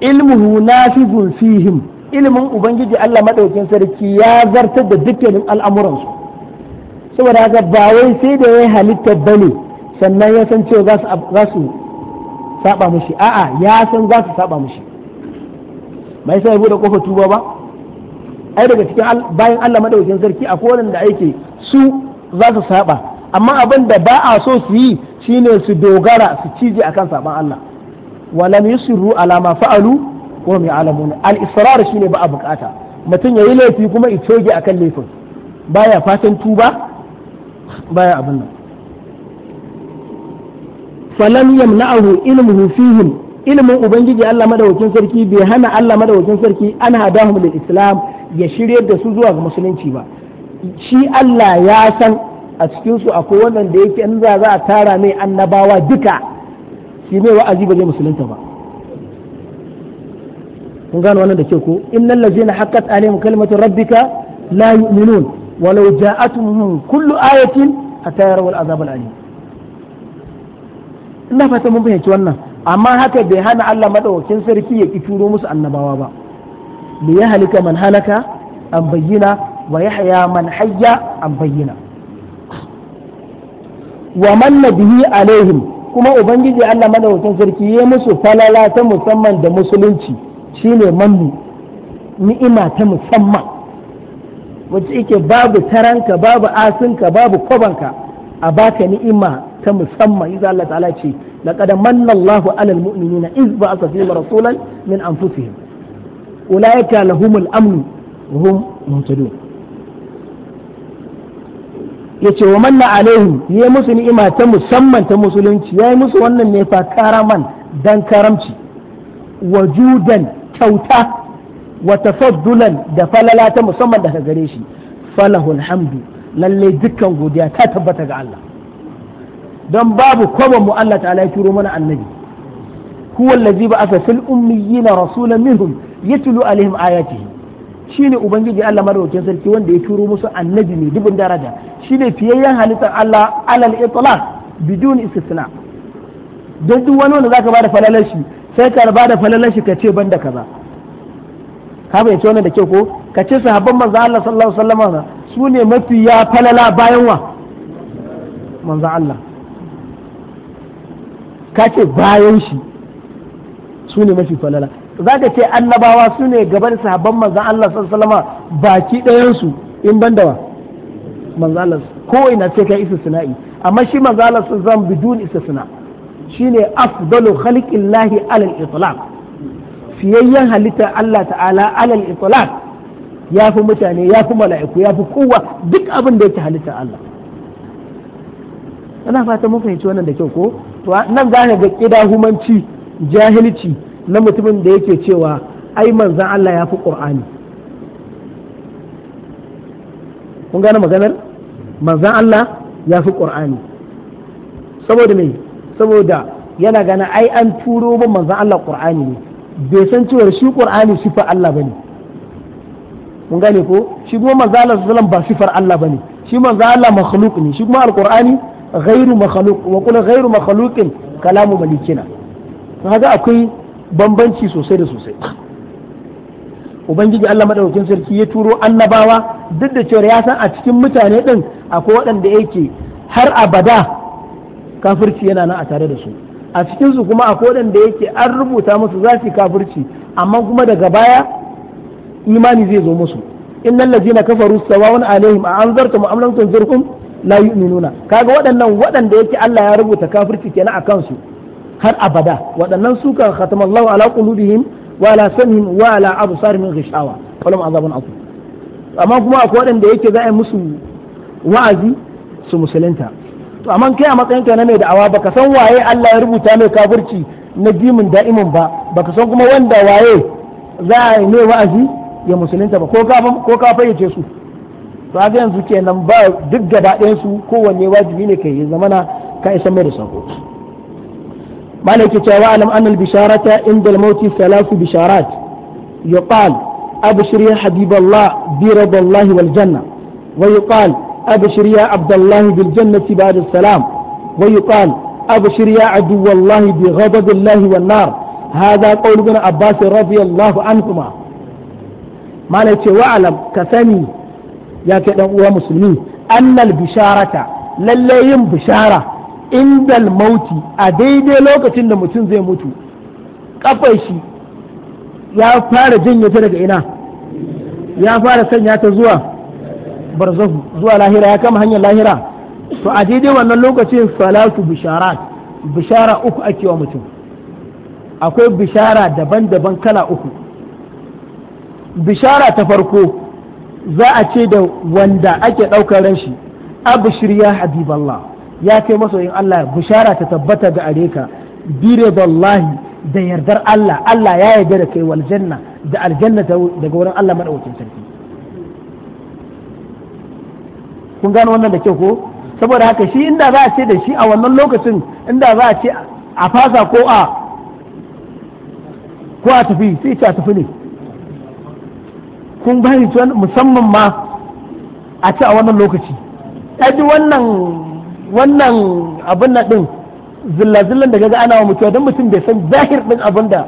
ilmuhu nafizun fihim ilmin ubangiji Allah maɗaukin sarki ya zartar da dukkanin al'amuransu saboda haka ba wai sai da ya halitta bane sannan ya san cewa za su saba mushi a'a ya san za su saba mushi bai sai bude kofa tuba ba ai daga cikin bayan Allah madaukakin sarki a kowanne da ake su za su saba amma abin da ba a so su yi shine su dogara su cije akan saban Allah walam yusiru ala ma fa'alu wa hum ya'lamun al israr shine ba a bukata mutum yayi laifi kuma toge akan laifin baya fatan tuba baya abin nan falam yamna'ahu ilmuhu fihim ilmin ubangiji Allah madaukakin sarki bai hana Allah madaukakin sarki an hadahum lil islam ya shiryar da su zuwa ga musulunci ba shi Allah ya san a cikin su akwai wannan da yake in za a tara mai annabawa duka shi mai wa'azi ba zai musulunta ba kun gano wannan da ke ko innal ladzina haqqat alaihim kalimatu rabbika la yu'minun walau ja'atuhum kullu ayatin hatta yarawul alim ina fata mun fahimci wannan amma haka bai hana Allah madaukakin sarki ya ki turo musu annabawa ba li ya halika man halaka an bayyana wa yahya man hayya an bayyana wa man nabihi alaihim kuma ubangiji Allah madaukakin sarki ya musu falala ta musamman da musulunci shine mannu ni'ima ta musamman wacce yake babu taranka babu asinka babu kwabanka a baka ni'ima ta musamman idza Allah ta'ala ce laqad manna Allahu 'alal mu'minina iz ba'atha fihim rasulan min anfusihim ulaika lahumul amn wa hum muhtadun yace wa manna alaihim ya musu ni'ima ta musamman ta musulunci yayi musu wannan ne fa karaman dan karamci wajudan kyauta wa tafaddulan da falala ta musamman daga gare shi falahul hamdu lalle dukkan godiya ta tabbata ga Allah don babu kwaban mu Allah ta'ala ya turo mana annabi huwa allazi ba'atha fil ummiyina rasulan minhum yatlu alaihim ayatihi shine ubangiji Allah madaukakin sarki wanda ya turo musu annabi ne dubin daraja shine fiyayyen halittar Allah alal itlaq bidun istisna don duk wani wanda zaka bada falalar shi sai ka bada falalar shi ka ce banda kaza ka fahimci wannan da kyau ko ka ce sahabban manzo Allah sallallahu alaihi wasallam su ne mafi ya falala bayan wa manzo Allah ka ce bayan shi su ne mafi falala za ka ce annabawa su ne gaban sahabban manzan Allah sallama baki ɗayansu in ban da wa manzan Allah ko ina sai kai istisna'i amma shi manzan Allah sallam bidun istisna shine afdalu lahi alal itlaq siyayyen halitta Allah ta'ala alal itlaq ya fi mutane ya fi mala'iku ya fi kowa duk abin da yake halitta Allah ana fata mun fahimci wannan da kyau ko to nan za ga kida humanci jahilci na mutumin da yake cewa ai manzan Allah ya fi qur'ani kun gane maganar manzan Allah ya fi qur'ani saboda me saboda yana gana ai an turo manzan Allah qur'ani ne bai san cewa shi qur'ani sifar Allah bane mun gane ko shi kuma manzo Allah sallallahu ba sifar Allah bane shi manzo Allah makhluq ne shi kuma alqur'ani ghairu makhluq wa kullu ghairu makhluqin kalamu malikina kaga akwai bambanci sosai da sosai ubangiji Allah madaukakin sarki ya turo annabawa duk da cewa ya san a cikin mutane din akwai waɗanda yake har abada kafirci yana nan a tare da su a cikinsu kuma akwai waɗanda yake an rubuta musu za su kafirci amma kuma daga baya imani zai zo musu innal ladzina kafaru sawa'un alaihim a anzartum am lam tunzirhum la yu'minuna kaga waɗannan waɗanda yake Allah ya rubuta kafirci kenan a kansu har abada waɗannan su kan khatamallahu ala qulubihim wa ala sam'ihim wa ala absarihim ghishawa walahum azabun azim amma kuma akwai waɗanda yake za a musu wa'azi su musulunta to amma kai a matsayin ka na mai da'awa baka san waye Allah ya rubuta mai kafirci na jimin da'imin ba baka san kuma wanda waye za a yi mai wa'azi ya musulunta ba ko ka fayyace su to a yanzu kenan ba duk gaba ɗayan su kowanne wajibi ne kai zamana ka isa mai da sako مالك تعالى أن البشارة عند salasu bisharat بشارات يقال أبشر يا حبيب الله برضا الله والجنة ويقال أبشر يا عبد الله بالجنة بعد السلام ويقال أبشر يا عدو الله بغضب الله والنار هذا قول ابن عباس رضي الله عنهما ما نتي وعلم كثني يا كدن مسلمين أن البشارة لليين بشارة عند الموت أديدي لوكة لمتن زي موتو كفايشي يا فارجين يترك إنا يا فارسان يا تزوى barzahu zuwa lahira ya kama hanyar lahira to a daidai wannan lokacin salatu bisharat bishara uku ake wa mutum akwai bishara daban-daban kala uku bishara ta farko za a ce da wanda ake ɗaukar ranshi shi abishir ya habiballah ya kai masoyin Allah bishara ta tabbata ga areka biriballahi da yardar Allah Allah ya yarda da kai waljanna da aljanna daga wurin Allah madaukakin sarki kun gano wannan da kyau ko saboda haka shi inda za a ce da shi a wannan lokacin inda za a ce a fasa ko a ko a tafi sai ce a tafi ne kun bani musamman ma a ce a wannan lokaci ɗaji wannan wannan abin na ɗin zillazillan da gaga ana wa mutuwa don mutum bai san zahir ɗin abin da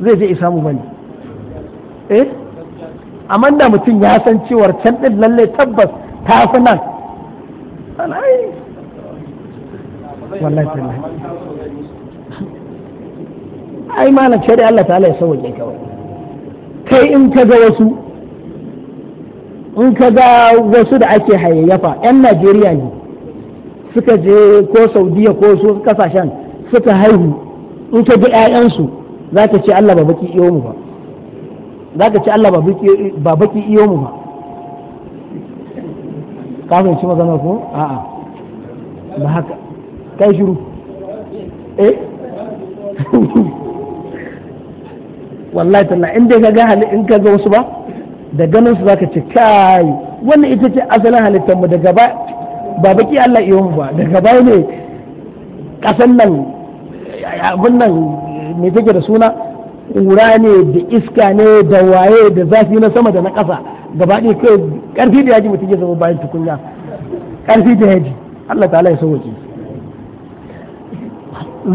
zai je isa mu bane eh amma da mutum ya san cewar can ɗin lallai tabbas kafin nan wallahi tallahi ai malam sai dai Allah ta'ala ya sauke kawai kai in ka ga wasu in ka ga wasu da ake hayayyafa 'yan Najeriya ne suka je ko Saudiya ko su kasashen suka haihu in ka ga 'ya'yansu za ka ce Allah ba baki iyo mu ba za ka ce Allah ba baki iyo mu ba ka fahimci magana ko a'a ba haka kai shiru eh <laughs> wallahi talla in dai ga hali in ka wasu ba da ganin su zaka ce kai wannan ita ce asalin halittar mu daga ba ba baki Allah iya mu ba daga ba ne kasan nan abun nan me take da suna ƙura ne da iska ne da waye da zafi na sama da na ƙasa gaba ɗaya kai ƙarfi da yaji mutum ya zama bayan tukunya ƙarfi da yaji Allah ta'ala ya so waje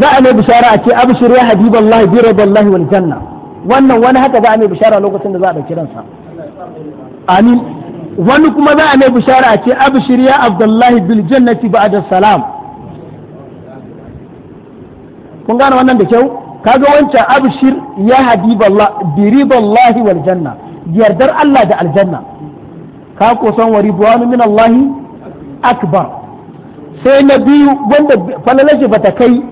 za a mai bishara a ce abshir ya habiballahi bi rabballahi wal janna wannan wani haka za a mai bishara lokacin da za a ɗauki ransa amin wani kuma za a mai bishara a ce abshir ya abdullahi bil jannati ba'da salam kun gane wannan da kyau kaga wancan abshir ya habiballah bi riballahi wal janna yardar Allah da aljanna ka kusan san wa ridwanu min Allah akbar sai na biyu wanda falalashi bata kai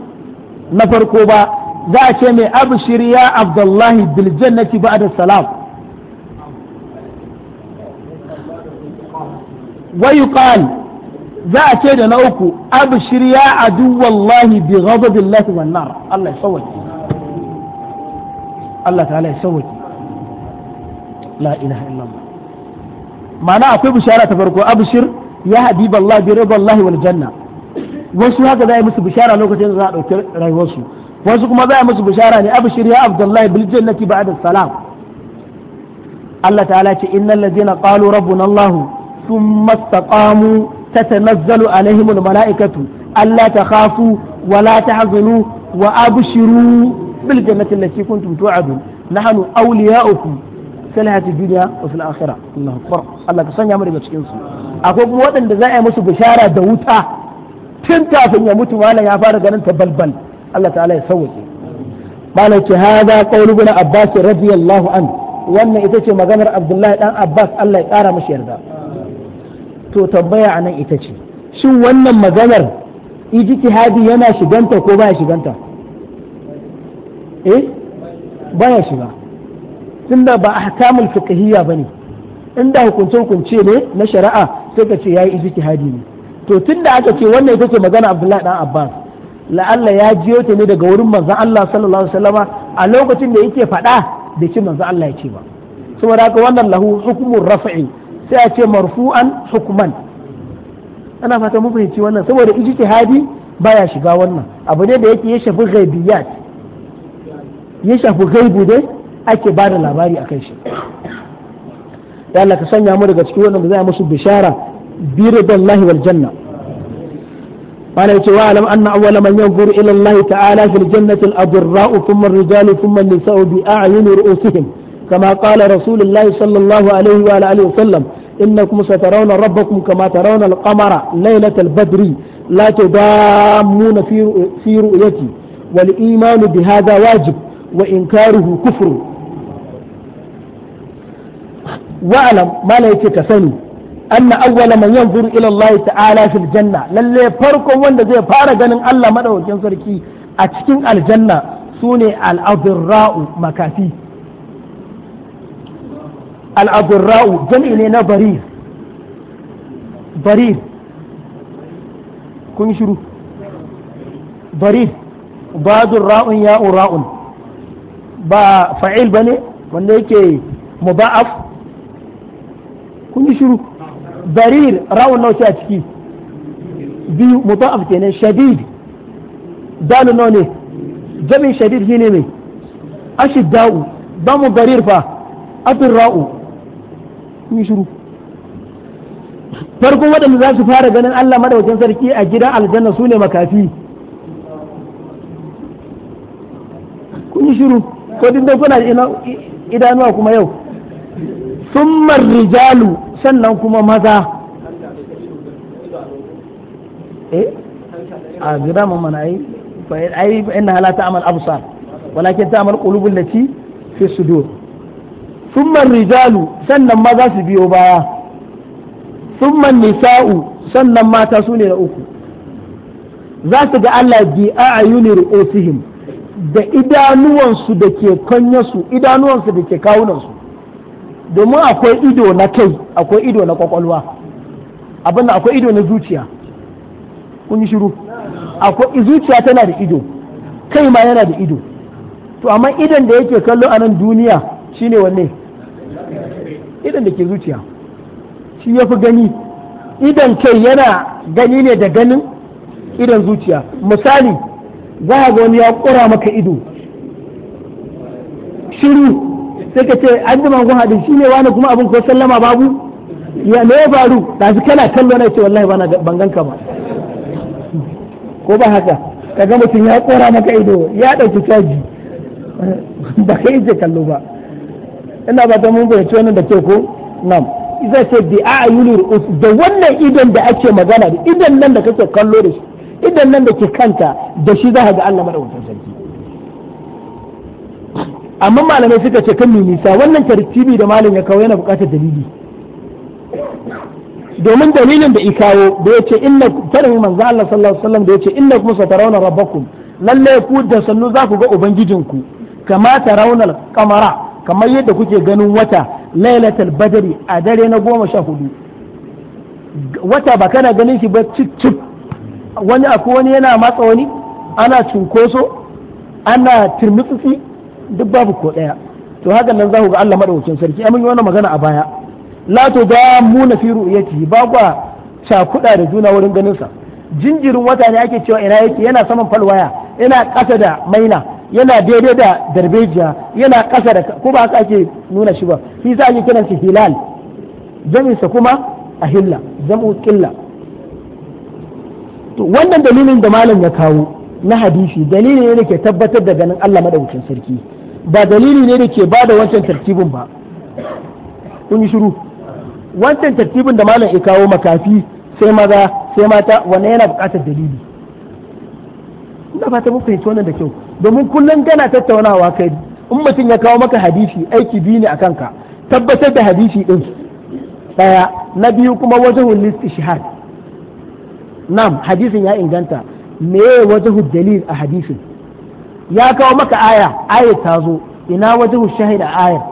na farko ba za a ce mai abshir ya abdullahi bil jannati ba'da salam wa yuqal za a ce da na uku abshir ya adu wallahi bi ghadabillahi wan nar Allah ya sauke Allah ta'ala ya sauke la ilaha illallah ma'ana akwai bishara ta farko abshir ya habiballah bi ridallahi wal janna wasu haka za a yi musu bishara lokacin da za a dauki rayuwarsu wasu kuma za a yi musu bishara ne abshir ya abdullahi bil jannati ba'da salam Allah ta'ala ce innal ladina qalu rabbuna allah thumma istaqamu tatanazzalu alaihim al mala'ikatu alla takhafu wa la tahzanu wa abshiru bil jannati allati kuntum tu'adun nahnu awliya'ukum fil hayati dunya wa fil akhirah Allahu akbar Allah ka sanya mu daga cikin su akwai kuma waɗanda za a yi musu bishara da wuta tun kafin ya mutu malam ya fara ganin ta balbal Allah ta'ala ya sauke malam ce hada qawlu ibn abbas radiyallahu an wannan ita ce maganar abdullahi dan abbas Allah ya kara mashi yarda to tambaya anan ita ce shin wannan maganar ijtihadi yana shiganta ko baya shiganta eh baya shiga tunda ba ahkamul fiqhiyya bane inda hukunce hukunce ne na shari'a sai ka ce yayi ijtihadi ne to tunda aka ce wannan ita ce magana Abdullahi dan Abbas la'alla ya jiyo ta ne daga wurin manzon Allah sallallahu alaihi wasallama a lokacin da yake faɗa da shi manzon Allah ya ce ba saboda haka wannan lahu hukumur raf'i sai a ce marfu'an hukman ana fata mun fahimci wannan saboda ijtihadi baya shiga wannan abu ne da yake ya shafi ghaibiyat ya shafi ghaibu dai ake ba da labari a kan shi ya Allah ka sanya mu daga cikin wannan da za musu bishara bi ridallahi wal janna mana yace wa alam anna awwala man yanzuru ila Allah ta'ala fil jannati al adra'u thumma ar rijalu thumma an nisa'u bi a'yuni ru'usihim kama qala rasulullahi sallallahu alaihi wa alihi wa sallam إنكم سترون ربكم كما ترون القمر ليلة البدر لا تضامون في رؤيتي والإيمان بهذا واجب وإنكاره كفر wa'alam mana yake ka sani anna awwala man yanzuru ila Allah ta'ala fil janna lalle farkon wanda zai fara ganin Allah madaukin sarki a cikin aljanna sune al-adra'u makafi al-adra'u jami'i ne na barir barir kun shiru barir ba'du ra'un ya'u ra'un ba fa'il bane wanda yake muba'af kun yi shiru barir rawun nawa ce a ciki biyu a kenan shadid dalu nau ne jabin shadid shine mai da'u ba mu barir fa abin ra'u kun yi shiru farkon wadanda za su fara ganin Allah wajen sarki a gidan aljanna su ne makafi kun yi shiru ko duk da kuna idanuwa kuma yau thumma rijalu sannan kuma maza eh, a gida mun mana ai ai inna la ta'mal absar walakin ta'mal qulubul lati fi sudur thumma rijalu sannan maza su biyo baya thumma nisa'u sannan mata su ne da uku za su ga Allah bi ayunir ru'usihim da idanuwansu da ke kanyarsu idanuwansu da ke kawunansu domin akwai ido na kai akwai ido na kwakwalwa abin da akwai ido na zuciya kun yi shiru akwai zuciya tana da ido kai ma yana da ido to amma idan da yake kallo a nan duniya shine wanne idan da ke zuciya shi ya fi gani idan kai yana gani ne da ganin idan zuciya misali za a ga wani ya kura maka ido shiru sai ka ce an ji mangon hadin shi ne wani kuma abin ko sallama babu ya me ya faru da su kana kallo na ce wallahi bana ban ganka ba ko ba haka ka ga mutum ya kora maka ido ya dauki caji <laughs> ba kai je kallo ba ina ba ta mun ce wannan da ke ko nam iza ce bi a'yunir us da wannan idon da ake magana da idon nan da kake kallo da shi idon nan da ke kanta da shi za ka ga Allah madaukakin amma malamai suka ce kan nisa wannan tartibi da malam ya kawo yana bukatar dalili domin dalilin da ikawo da yace inna tarihi manzo Allah sallallahu alaihi wasallam da yace inna kuma satarawna rabbakum lalle ku da sannu za ku ga ubangijinku kama tarawna kamara kamar yadda kuke ganin wata lailatul badari a dare na goma sha hudu wata ba kana ganin shi ba cicip wani akwai wani yana matsa wani ana cunkoso ana turmitsi duk babu ko ɗaya to haka nan za ga Allah madaukakin sarki amin wannan magana a baya la to da mu na fi ru'yati ba kwa da juna wurin ganin sa jinjirin wata ne ake cewa ina yake yana saman falwaya yana ƙasa da maina yana daidai da darbejiya yana ƙasa da ko ba haka ake nuna shi ba shi za ake kiran shi hilal sa kuma a hilla zamu to wannan dalilin da malam ya kawo na hadisi dalilin ne ke tabbatar da ganin Allah madaukakin sarki ba dalili ne da ke ba da wancan tartibin ba kun yi shiru wancan tartibin da malam ya kawo makafi sai maza sai mata wanne yana bukatar dalili ina fata mun fahimci wannan da kyau domin kullum kana tattaunawa kai in mutum ya kawo maka hadisi aiki biyu ne a kanka tabbatar da hadisi din daya na biyu kuma wajhul istishhad nam hadisin ya inganta me wajen dalil a hadisin ya kawo maka aya aya ta zo ina wajibu shahida aya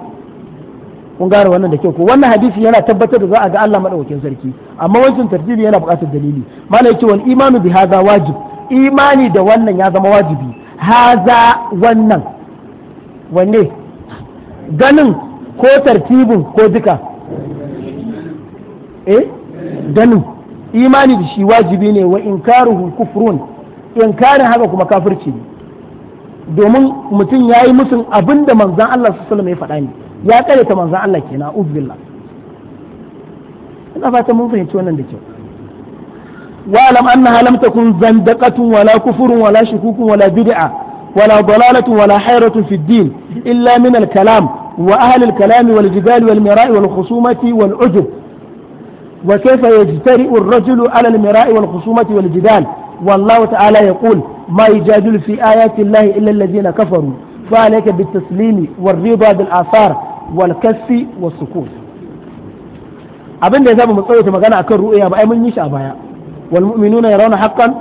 kun gane wannan da kyau ko wannan hadisi yana tabbatar da za a ga Allah madaukakin sarki amma wancan tartibi yana buƙatar dalili malai yake wani imanu bi hadha wajib imani da wannan ya zama wajibi haza wannan wanne ganin ko tartibin ko duka eh ganin imani da shi wajibi ne wa inkaruhu kufrun inkarin haka kuma kafirci ne domin mutum ya yi musun abin da manzan Allah su ya faɗa ne ya ta manzan Allah ke na ubillah ina fata mun fahimci wannan da kyau wa'alam annaha lam takun zandaqatun wala kufurun wala shukukun wala bid'a wala dalalatun wala hayratun fi din illa min al-kalam wa ahli al-kalam wal jidal wal mira'i wal khusumati wal ujub wa kayfa yajtari'u ar-rajulu ala al-mira'i wal khusumati wal jidal wallahu ta'ala yaqul ما يجادل في آيات الله إلا الذين كفروا فعليك بالتسليم والرضا بالآثار والكف والسكوت abin da ya zama matsayi magana akan ru'ya ba ai mun yi shi a baya wal mu'minuna yarawna haqqan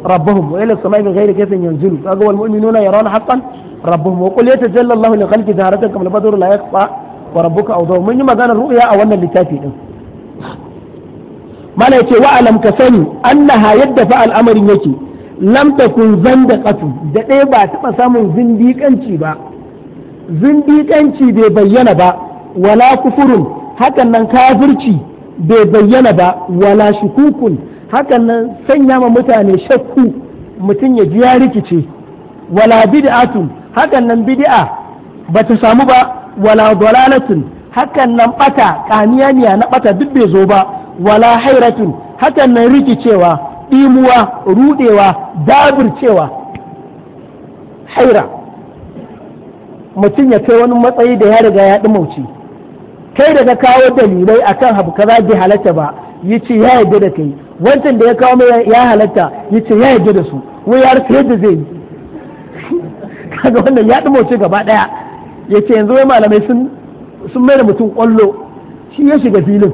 rabbahum wa ila samai bi ghairi kayfin a kaga wal mu'minuna yarawna haqqan rabbahum wa qul yatajalla Allahu li khalqi zaharatan kama al-badru la yaqfa wa rabbuka awdahu mun yi magana ru'ya a wannan littafi mala ce wa alam ka sani annaha yadda fa al'amarin yake lam takun zanda ƙasu da ɗaya ba taɓa samun zindiƙanci ba zindiƙanci bai bayyana ba wala kufurun hakan nan kafirci bai bayyana ba wala shukukun hakan nan sanya ma mutane shakku mutum ya ji ya rikice wala bid'atun hakan nan bid'a bata samu ba wala dalalatun hakan nan bata kaniyaniya na ɓata duk bai zo ba wala hairatun hakan nan rikicewa imuwa rudewa dabircewa haira mutum ya kai wani matsayi da ya riga ya ɗumauci kai daga kawo dalilai akan Habu kaza bai halatta ba yi ce ya yarda da kai wancan da ya kawo mai ya halatta yi ce ya yarda da su wai ya rufe yadda zai yi <laughs> kaga wannan ya ɗumauce gaba ɗaya ya ce yanzu wai malamai sun sun mai da mutum ƙwallo shi ya shiga filin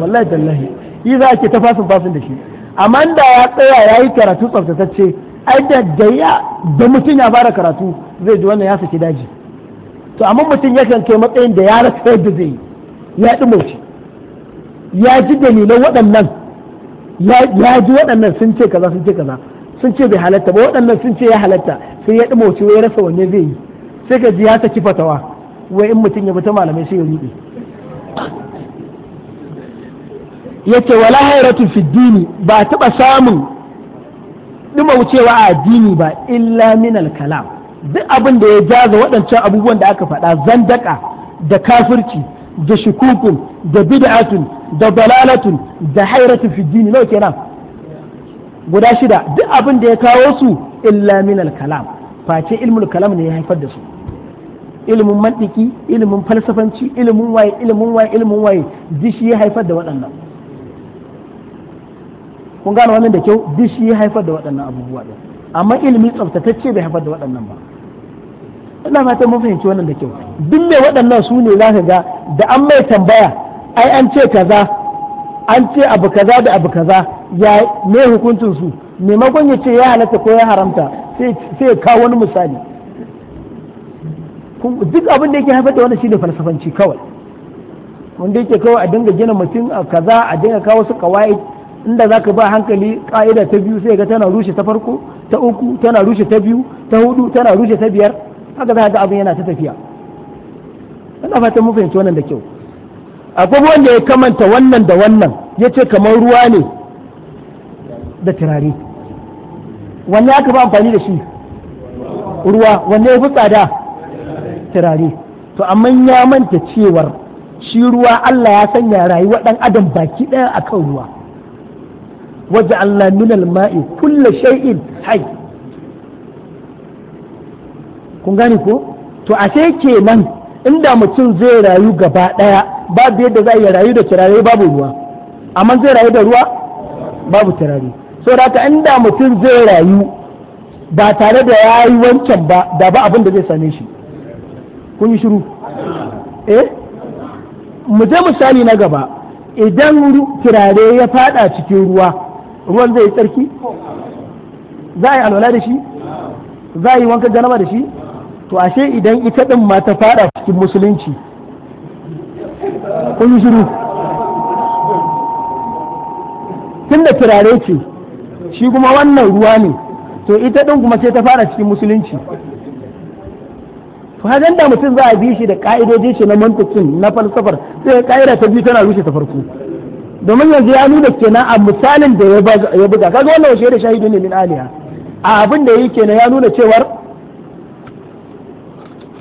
wallahi dallahi yi za a ke ta fasin fasin da shi amma da ya tsaya ya yi karatu tsaftatacce ai da gayya da mutum ya fara karatu zai ji wannan ya saki daji to amma mutum yakan kai matsayin da ya rasa yadda zai yi ya ɗi ya ji dalilan waɗannan ya ji waɗannan sun ce kaza sun ce kaza sun ce bai halatta ba waɗannan sun ce ya halatta sai ya ɗi wai rasa wanne zai yi sai ka ji ya saki fatawa wai in mutum ya bi ta malamai sai ya riɓe yace wala hayratu fi dini ba taba samun dima wucewa a addini ba illa min al kalam duk abin da ya jaza waɗancan abubuwan da aka faɗa zandaka da kafirci da shukukun da bid'atun da dalalatun da hayratu fi dini nawa kenan guda shida duk abin da ya kawo su illa min al kalam face ilmul kalam ne ya haifar da su ilimin mantiki ilimin falsafanci ilimin waye ilimin waye ilimin waye duk shi ya haifar da waɗannan kun gane wannan da kyau duk shi ya haifar da waɗannan abubuwa ɗin amma ilimi tsaftatacce bai haifar da waɗannan ba ina fatan mun fahimci wannan da kyau duk mai waɗannan su ne za ka ga da an mai tambaya ai an ce kaza an ce abu kaza da abu kaza ya me hukuncin su maimakon ya ce ya halatta ko ya haramta sai ya kawo wani misali duk abin da yake haifar da wannan shine falsafanci kawai wanda yake kawai a dinga gina mutum a kaza a dinga kawo su kawai inda za ka ba hankali ƙa'ida ta biyu sai ga tana rushe ta farko ta uku tana rushe ta biyu ta hudu tana rushe ta biyar haka za ga abin yana ta tafiya ina fatan mun fahimci wannan da kyau akwai wanda ya kamanta wannan da wannan ya ce kamar ruwa ne da turare wanne aka ba amfani da shi ruwa wanne ya fi tsada turare to amma ya manta cewar shi ruwa Allah ya sanya rayuwar dan adam baki ɗaya akan ruwa وجعلنا من الماء كل شيء حي kun gane ko to ashe kenan inda mutum zai rayu gaba daya babu yadda zai ya rayu da turare babu ruwa amma zai rayu da ruwa babu turare saboda haka inda mutum zai rayu ba tare da ya yi wancan ba da ba abin da zai same shi kun yi shiru eh mu je misali na gaba idan turare ya fada cikin ruwa ruwan zai yi tsarki za a yi alwala da shi za a yi wanka janaba da shi to ashe idan ita din ma ta fada cikin musulunci kun yi shiru tunda turare ce shi kuma wannan ruwa ne to ita din kuma ce ta fara cikin musulunci to hadan da mutum za a bi shi da ka'idojin shi na mantukin na falsafar sai ka'ida ta biyu tana rushe ta farko domin yanzu ya nuna kenan a misalin da ya buga kaga wannan wasu da shahidu ne min aliya a abin da yi kenan ya nuna cewar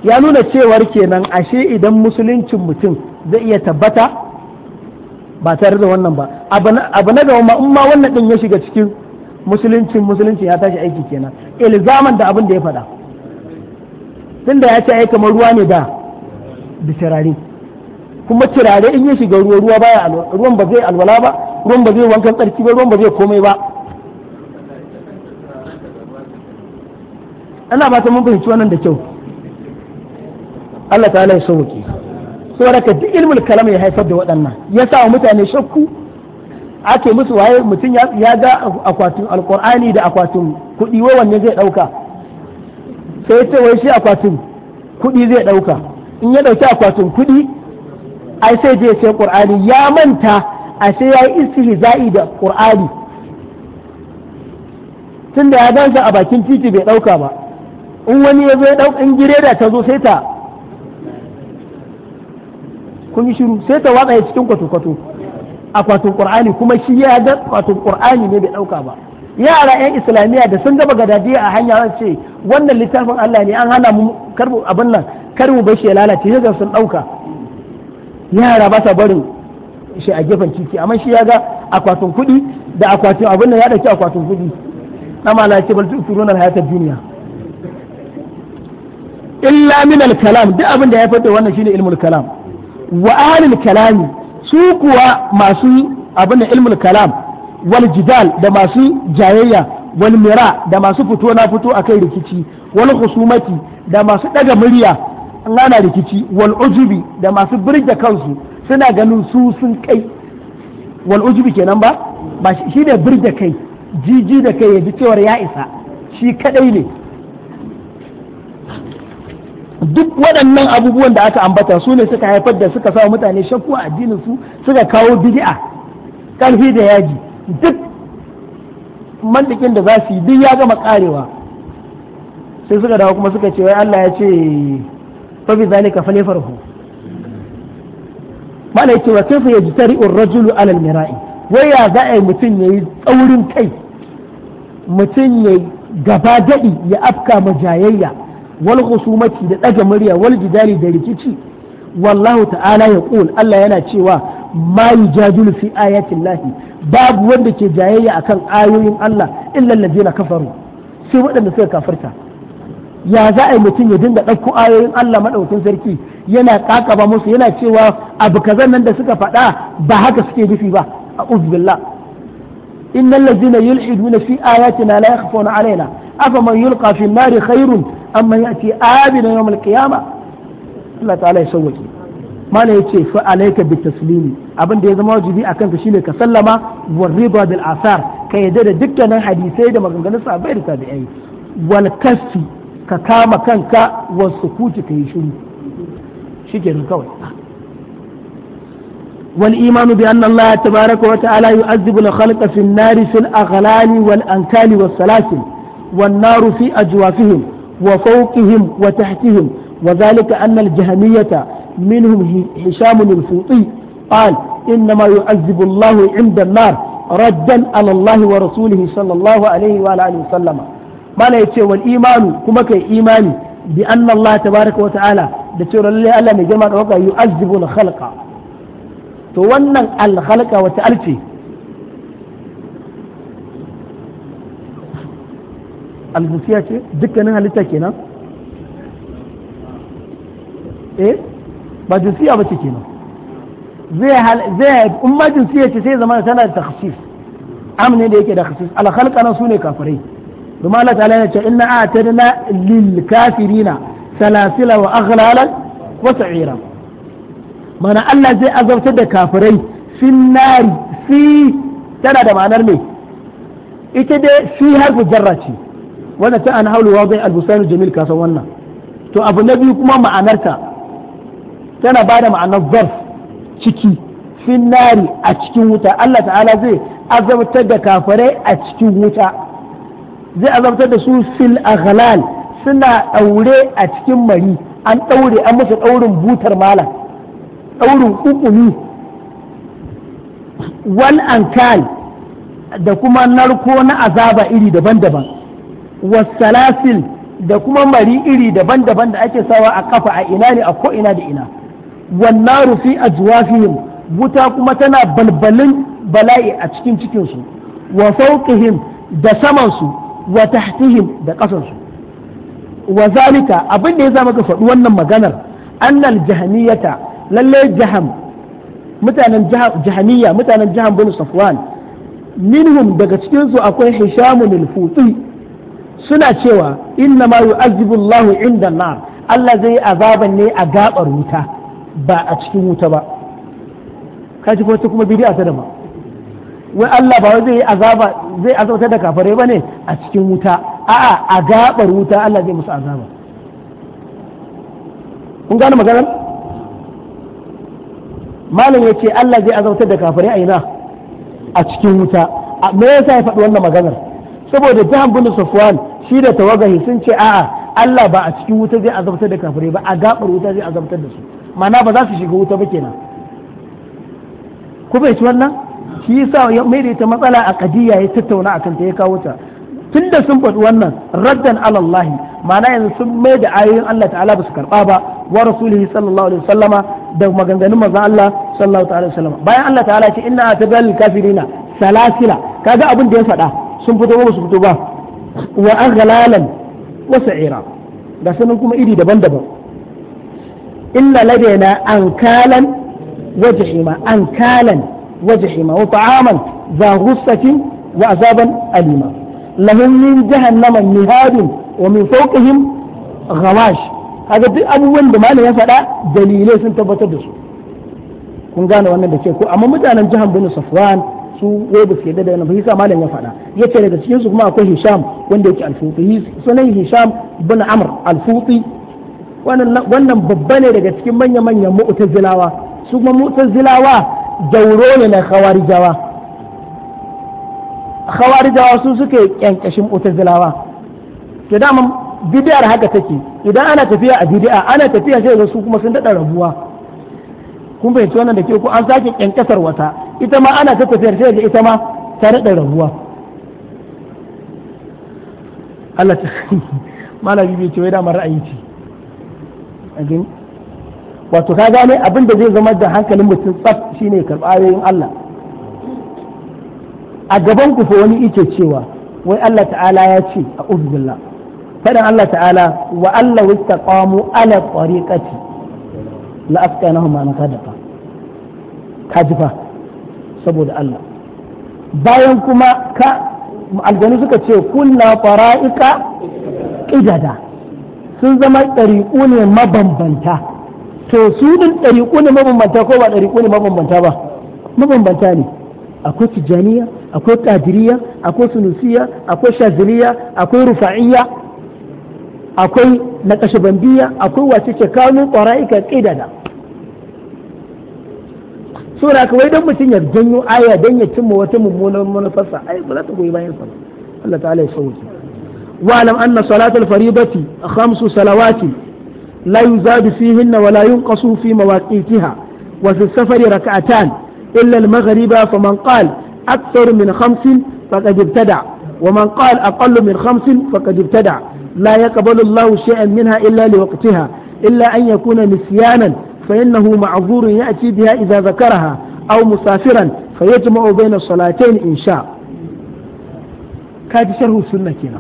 ya nuna cewar kenan ashe idan musuluncin mutum zai iya tabbata ba tare da wannan ba abu na gaba in ma wannan din ya shiga cikin musuluncin musuluncin ya tashi aiki kenan ilzaman da abin da ya faɗa tunda ya ce ai kamar ruwa ne da bisirari kuma turare in ya shiga ruwa ruwa baya ruwan ba zai alwala ba ruwan ba zai wankan tsarki ba ruwan ba zai komai ba ana ba ta mun fahimci wannan da kyau Allah ta'ala ya sauke saboda ka duk ilmul kalam ya haifar da waɗannan ya sa mutane shakku ake musu waye mutum ya ga akwatin alkur'ani da akwatin kuɗi wai wanne zai ɗauka sai ya ce wai shi akwatin kuɗi zai ɗauka in ya ɗauki akwatin kuɗi ai sai je sai qur'ani ya manta a sai yi istihza'i da qur'ani tun da ya gansa a bakin titi bai dauka ba in wani ya zo ya dauka in gireda ta zo sai ta kun yi shiru sai ta watsa ya cikin kwato-kwato a kwaton qur'ani kuma shi ya ga kwaton qur'ani ne bai dauka ba yara yan islamiyya da sun gaba gadaje a hanya zan ce wannan littafin Allah ne an hana mu karbu abin nan karbu bashi ya lalace sai sun dauka yara ba sa barin shi a gefen titi amma shi ya ga akwatin kuɗi da akwatin abin da ya akwatin kuɗi na mala ce bal tusurun alhayatar duniya illa min kalam duk abin da ya fada wannan shine ilmul kalam wa ahlul kalami su kuwa masu abin da ilmul kalam wal jidal da masu jayayya wal mira da masu fito na fito akai rikici wal husumati da masu daga murya in ana rikici wal ujubi da masu birge kansu suna ganin su sun kai wal ujubi kenan ba ba shi ne birge kai jiji da kai yaji ji cewar ya isa shi kadai ne duk waɗannan abubuwan da aka ambata su ne suka haifar da suka sa mutane shakku a addinin su suka kawo bid'a karfi da yaji duk mandikin da za su yi duk ya gama karewa sai suka dawo kuma suka ce wai Allah ya ce fa bi zalika falyafrahu mana yace wa kaifa yajtari ar-rajulu ala al-mira'i wai ya za a yi mutum yayi tsaurin kai mutum yayi gaba dadi ya afka majayayya wal khusumati da daga murya wal jidali da rikici wallahu ta'ala ya qul Allah yana cewa ma yujadilu fi ayati llahi babu wanda ke jayayya akan ayoyin Allah illa allazina kafaru sai waɗanda suka kafirta ya za a yi mutum ya dinga ɗauko ayoyin Allah maɗaukin sarki yana ƙaƙaba musu yana cewa abu kazan nan da suka faɗa ba haka suke nufi ba a uzbillah innal ladzina yulhiduna fi ayatina la yakhfuna alaina afa man yulqa fi an-nari khairun amma yati abina yawm al Allah ta'ala ya sauke mana yace fa alayka bitaslimi abin da ya zama wajibi akan ka shine ka sallama warriba riba bil asar ka yadda da dukkanin hadisai da maganganun sahabbai da tabi'ai wal kasfi ka kama kanka wasu kuci ka yi kawai wal imanu bi anna allaha tabaraka wa ta'ala yu'adhibu al khalqa fi an-nar wal ankali was salasil wan nar fi ajwafihim wa fawqihim wa tahtihim wa zalika anna al jahmiyata minhum hisham al innama qal inna ma yu'adhibu allahu 'inda nar raddan ala wa rasulihi sallallahu alayhi wa alihi mana ya ce wal imanu kuma kai imani bi anna Allah tabaraka wa ta'ala da cewa lalle Allah mai girma da yu'azzibu al khalqa to wannan al khalqa wata al musiya ce dukkanin halitta kenan eh ba jinsiya ba ce kenan zai zai umma ma jinsiya ce sai zama tana da takhsis amne da yake da takhsis al khalqa nan sune kafirai domin Allah ta'ala ina cewa inna a'tadna lil kafirina salasila wa aghlalan wa sa'ira mana Allah zai azabtar da kafirai fin nari fi tana da ma'anar me ita dai fi harfu jarra ce wanda ta an haulu wa zai albusanu jamil kasan wannan to abu na biyu kuma ma'anarta tana bada ma'anar zarf ciki fin a cikin wuta Allah ta'ala zai azabtar da kafirai a cikin wuta zai azabtar da su fil aghlal suna daure a cikin mari an daure an musu daurin butar mala daurin kukumi wal ankal da kuma narko na azaba iri daban-daban wasalasil da kuma mari iri daban-daban da ake sawa a kafa a ina ne a ko ina da ina wannan rufi a juwafihim wuta kuma tana balbalin bala'i a cikin cikinsu wa fauqihim da samansu wa tahtihim da kasansu wa zalika abin da ya zama ka faɗi wannan maganar annal jahaniyata lalle jaham mutanen jahamiya mutanen jaham bin safwan minhum daga cikin su akwai hishamun al suna cewa inna ma yu'azzibu Allah inda nar Allah zai azaban ne a gabar wuta ba a cikin wuta ba kaji ko kuma bid'a ta da ma wai Allah ba zai yi azaba zai azabtar da ba bane a cikin wuta a'a a gabar wuta Allah zai musu azaba kun gane maganar malam ce Allah zai azabtar da kafare a ina a cikin wuta me yasa ya faɗi wannan maganar saboda jahan bin safwan shi da tawagahi sun ce a'a Allah ba a cikin wuta zai azabtar da kafare ba a gabar wuta zai azabtar da su ma'ana ba za su shiga wuta ba kenan ku bai ci wannan shi yasa ya mai ita matsala a kadiya ya tattauna akan ta ya kawo ta tunda sun faɗi wannan raddan alallahi ma'ana yanzu sun mai da ayoyin Allah ta'ala ba su karɓa ba wa rasulihi sallallahu alaihi wasallama da maganganun manzon Allah sallallahu ta'ala alaihi wasallama bayan Allah ta'ala ce inna atabal kafirina salasila kaga abin da ya faɗa sun fito ba su fito ba wa aghlalan wa sa'ira ga sanin kuma iri daban-daban inna ladaina ankalan wa jahima ankalan وجحيما وطعاما ذا غصة وعذابا أليما لهم من جهنم مهاد ومن فوقهم غواش هذا duk abubuwan da malam ya faɗa dalilai sun tabbatar da su kun gane wannan da ke ko amma mutanen jihar Bani Safwan su wai ba su yadda da wannan ba malam ya faɗa yace daga cikin su kuma akwai Hisham wanda yake al-Futi sunan Hisham bin Amr al-Futi wannan babba ne daga cikin manya-manyan mu'tazilawa su kuma jauro ne na khawarijawa khawarijawa su suke kyankashin mutazilawa to daman bidiyar haka take idan ana tafiya a bidi'a ana tafiya sai su kuma sun daɗa rabuwa kun fahimci wannan da ke ku an sake kyankasar wata ita ma ana ta tafiyar sai da ita ma ta daɗa rabuwa Allah ta <laughs> malami bai ce wai damar ra'ayi ce wato ka gane abin da zai zama da hankalin mutum tsaf shine karɓa ayoyin Allah a gaban ku fa wani ike cewa wai Allah ta'ala ya ce a billah fadan Allah ta'ala wa Allah wista wastaqamu ala tariqati la afkanahum ma nakadafa kajifa saboda Allah bayan kuma ka aljanu suka ce kunna fara'ika ƙidada sun zama ɗariƙu ne mabambanta to su din ɗariƙu ne mabambanta ko ba ɗariƙu ne mabambanta ba mabambanta ne akwai tijaniya akwai ƙadiriya akwai sunusiya akwai shaziliya akwai rufa'iya akwai naƙashabandiya akwai wace ce kanun ƙwara'ika ƙidada saboda kawai don mutum ya janyo aya don ya cimma wata mummunar manufarsa ai ba za ta goyi bayan sa Allah ta'ala ya sauke wa alam anna salatul faribati khamsu salawati لا يزاد فيهن ولا ينقص في مواقيتها وفي السفر ركعتان إلا المغرب فمن قال أكثر من خمس فقد ابتدع ومن قال أقل من خمس فقد ابتدع لا يقبل الله شيئا منها إلا لوقتها إلا أن يكون نسيانا فإنه معذور يأتي بها إذا ذكرها أو مسافرا فيجمع بين الصلاتين إن شاء كاد شره السنة كنا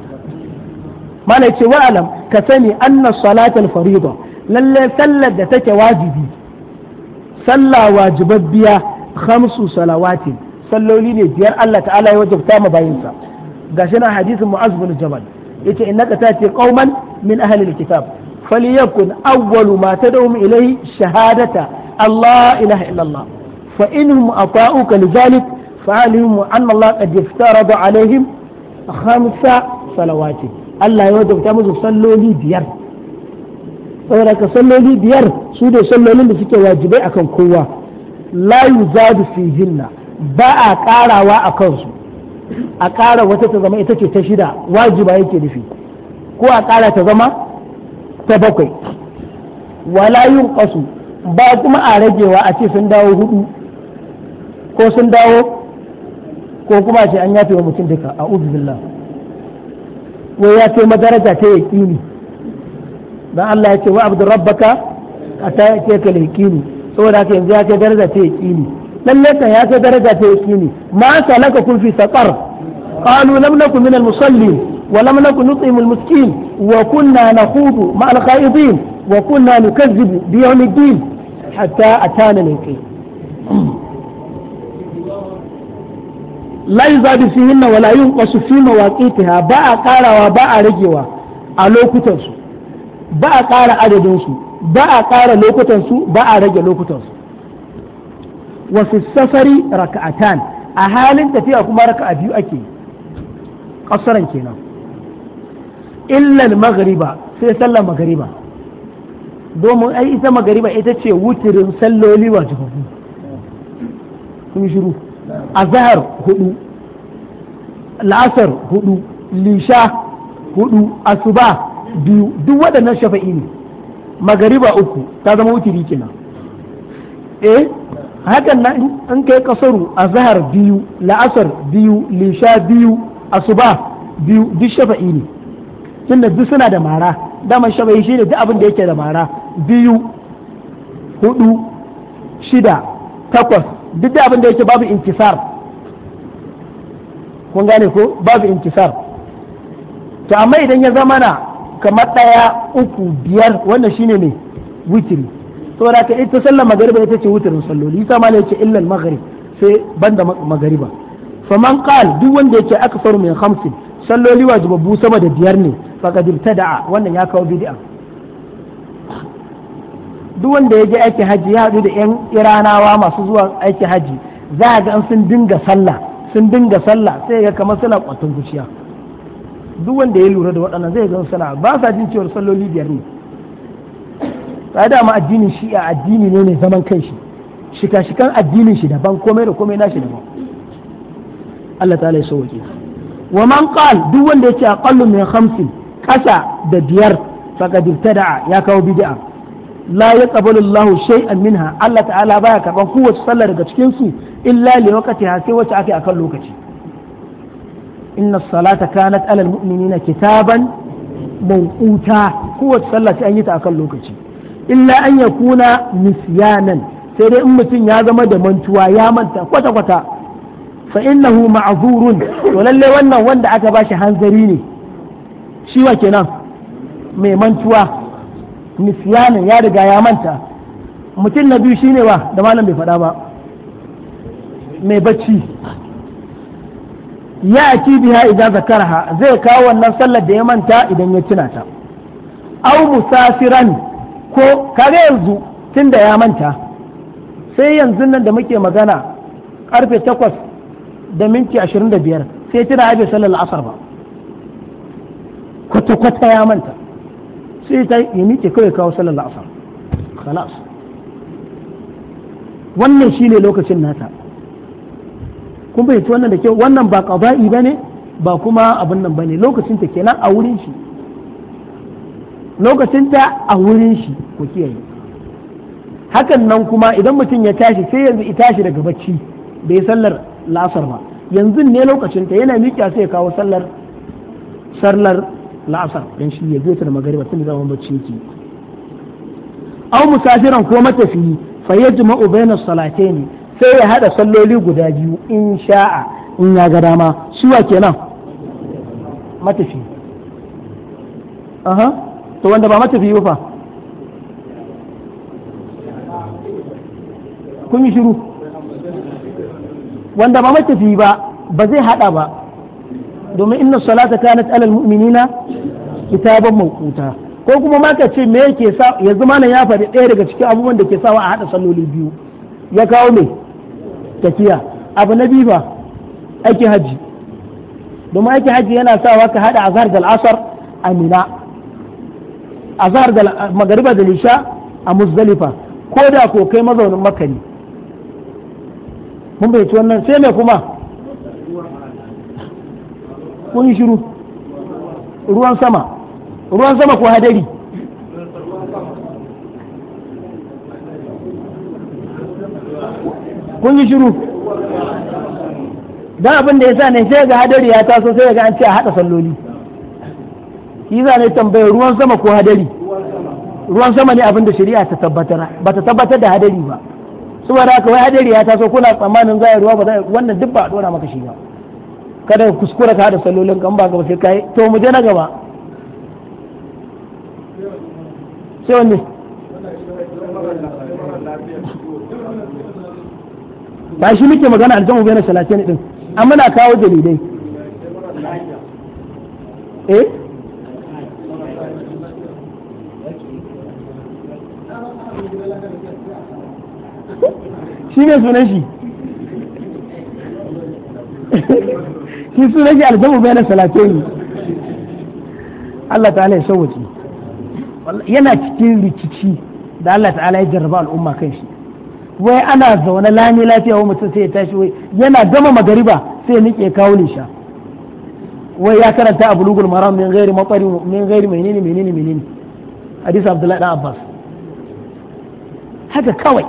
ما لا يتوى ka sani anna salatal farida lallai sallar da take wajibi sallah wajibabbiya khamsu salawatin salloli ne biyar Allah ta'ala ya wajabta ma bayinsa gashi na hadisin mu'az bin ina yace ta ce qauman min ahli alkitab falyakun awwalu mata tad'um ilayhi shahadata Allah ilaha illa Allah fa inhum ata'uka lidhalik fa'alihim anna Allah qad iftarada alaihim khamsa salawati. Allah ya wajabta musu salloli biyar saboda ka salloli biyar su da sallolin da suke wajibai akan kowa la yuzadu hinna ba a karawa a kansu a kara wata ta zama ita ce ta shida wajiba yake nufi ko a kara ta zama ta bakwai wala ƙasu ba kuma a ragewa a ce sun dawo hudu ko sun dawo ko kuma ce an yafe wa mutum duka a billah ويأتي مدرجة تيكيني ما الله يأتي وعبد ربك أتى تيكيني كيني هو لكن ذاك درجة تيكيني لم يأتي ياتي درجة تيكيني ما سألككم في سطر قالوا لم نكن من المصلين ولم نكن نطعم المسكين وكنا نخوض مع الخائضين وكنا نكذب بيوم الدين حتى أتانا من la yuzadu fihinna wa la yunqasu fi mawaqitiha ba a ƙarawa ba a ragewa a lokutan ba a ƙara adadin ba a ƙara lokutan ba a rage lokutan wasu safari raka'atan a halin tafiya kuma raka'a biyu ake ƙasaran kenan illan magariba sai sallar magariba domin ai ita magariba ita ce wutirin salloli wajibi kun shiru Azahar hudu la'asar hudu lisha hudu asuba biyu duk waɗannan shafa'i ne magariba uku ta zama wutiri kenan eh hakan na in kai kasaru azahar biyu la'asar biyu lisha biyu asuba biyu duk shafa'i ne tunda duk suna da mara dama shafa'i shine duk abin da yake da mara biyu hudu shida takwas duk da abin da yake babu inkisar kun gane ko babu intisar to amma idan ya zama na kamar ɗaya uku biyar wannan shine ne witiri da ka ita sallar magariba ita ce witirin salloli ita ma ce illal maghrib sai banda magariba faman qal duk wanda yake faru min khamsin salloli wajibabbu sama da biyar ne faqad ibtada'a wannan ya kawo bid'a duk wanda ya je aiki haji ya haɗu da 'yan iranawa masu zuwa aiki haji za a ga sun dinga sallah sun dinga sallah sai ga kamar suna kwatan zuciya duk wanda ya lura da waɗannan zai ga suna ba sa jin cewar salloli biyar ne ba dama addinin shi a addini ne ne zaman kai shi shika-shikan addinin shi daban komai da komai nashi daban Allah ta ya sauke wa man qal duk wanda yake aqallu min khamsin kasa da biyar faqad ibtada ya kawo bid'a la yaqbalu Allahu shay'an minha Allah ta'ala baya karban kowace sallah daga cikin su illa li waqtiha sai wacce ake akan lokaci inna salata kanat alal mu'minina kitaban mawquta kowace sallah sai an yi ta akan lokaci illa an yakuna nisyanan sai dai in mutum ya zama da mantuwa ya manta kwata kwata fa innahu ma'zurun to lalle wannan wanda aka bashi hanzari ne shi wa kenan mai mantuwa nisyanin ya riga ya manta mutum na biyu shine ba da malam bai faɗa ba mai bacci ya aki biya idan zakarha zai kawo wannan sallar da ya manta idan ya tuna ta au musafiran ko kare yanzu tun da ya manta sai yanzu nan da muke magana karfe takwas da minti ashirin da biyar sai tuna ya sallar asar ba kwata-kwata ya manta sai ta ya miƙe kawai kawo salar la'asar khalas wannan ne lokacin nata kun bai wannan da kyau wannan ba qada'i bane ba kuma abin nan bane lokacin ta kenan a wurin shi lokacin ta a wurin shi ku kiyaye hakan nan kuma idan mutum ya tashi sai yanzu ya tashi daga bacci bai sallar la'asar ba yanzu ne lokacin ta yana miƙa sai ya kawo sallar sallar la'asar dan shi ya zo ta da magariba tun da bacci yake aw musafiran ko matafiyi fa yajma'u bayna salatayn sai ya hada salloli guda biyu in sha'a in ya ga dama wa kenan matafi aha to wanda ba matafi ba fa kun yi shiru wanda ba matafi ba ba zai hada ba domin inna salata kanat alal mu'minina kitaban mawquta ko kuma ma ka ce me yake sa yanzu ma ya faɗi ɗaya daga cikin abubuwan da ke sawa a hada salloli biyu ya kawo me tafiya abu na biyu ba aiki haji domin aiki haji yana sawa ka haɗa azhar da al'asar a mina azhar da magariba da lisha a muzdalifa ko da ko kai mazaunin makani mun bai ci wannan sai me kuma kun yi shiru ruwan sama ruwan sama ko hadari kun yi shiru don abin da ya sa ne sai ga hadari ya taso sai ga an ce a haɗa salloli shi za ne tambaya ruwan sama ko hadari ruwan sama ne abin da shari'a ta tabbatar ba ta tabbatar da hadari ba saboda haka wai hadari ya taso kuna tsammanin za a ruwa ba wannan duk ba a ɗora maka shi ba kada ka kuskura ka hada sallolin kan ba gaba sai kai to mu je na gaba sai wanne ba shi muke magana aljamu bai na salatin din an muna kawo dalilai eh shi ne sunan shi shi su rage aljamu bai na salatai Allah ta'ala ya sauwace yana cikin rikici da Allah ta'ala ya jarraba al'umma kan shi wai ana zaune lami lafiya wa mutum sai ya tashi wai yana gama magariba sai ya nike kawo sha wai ya karanta a bulugul maram min gairi matsari min gairi menene menene menene hadisi abdullahi dan abbas haka kawai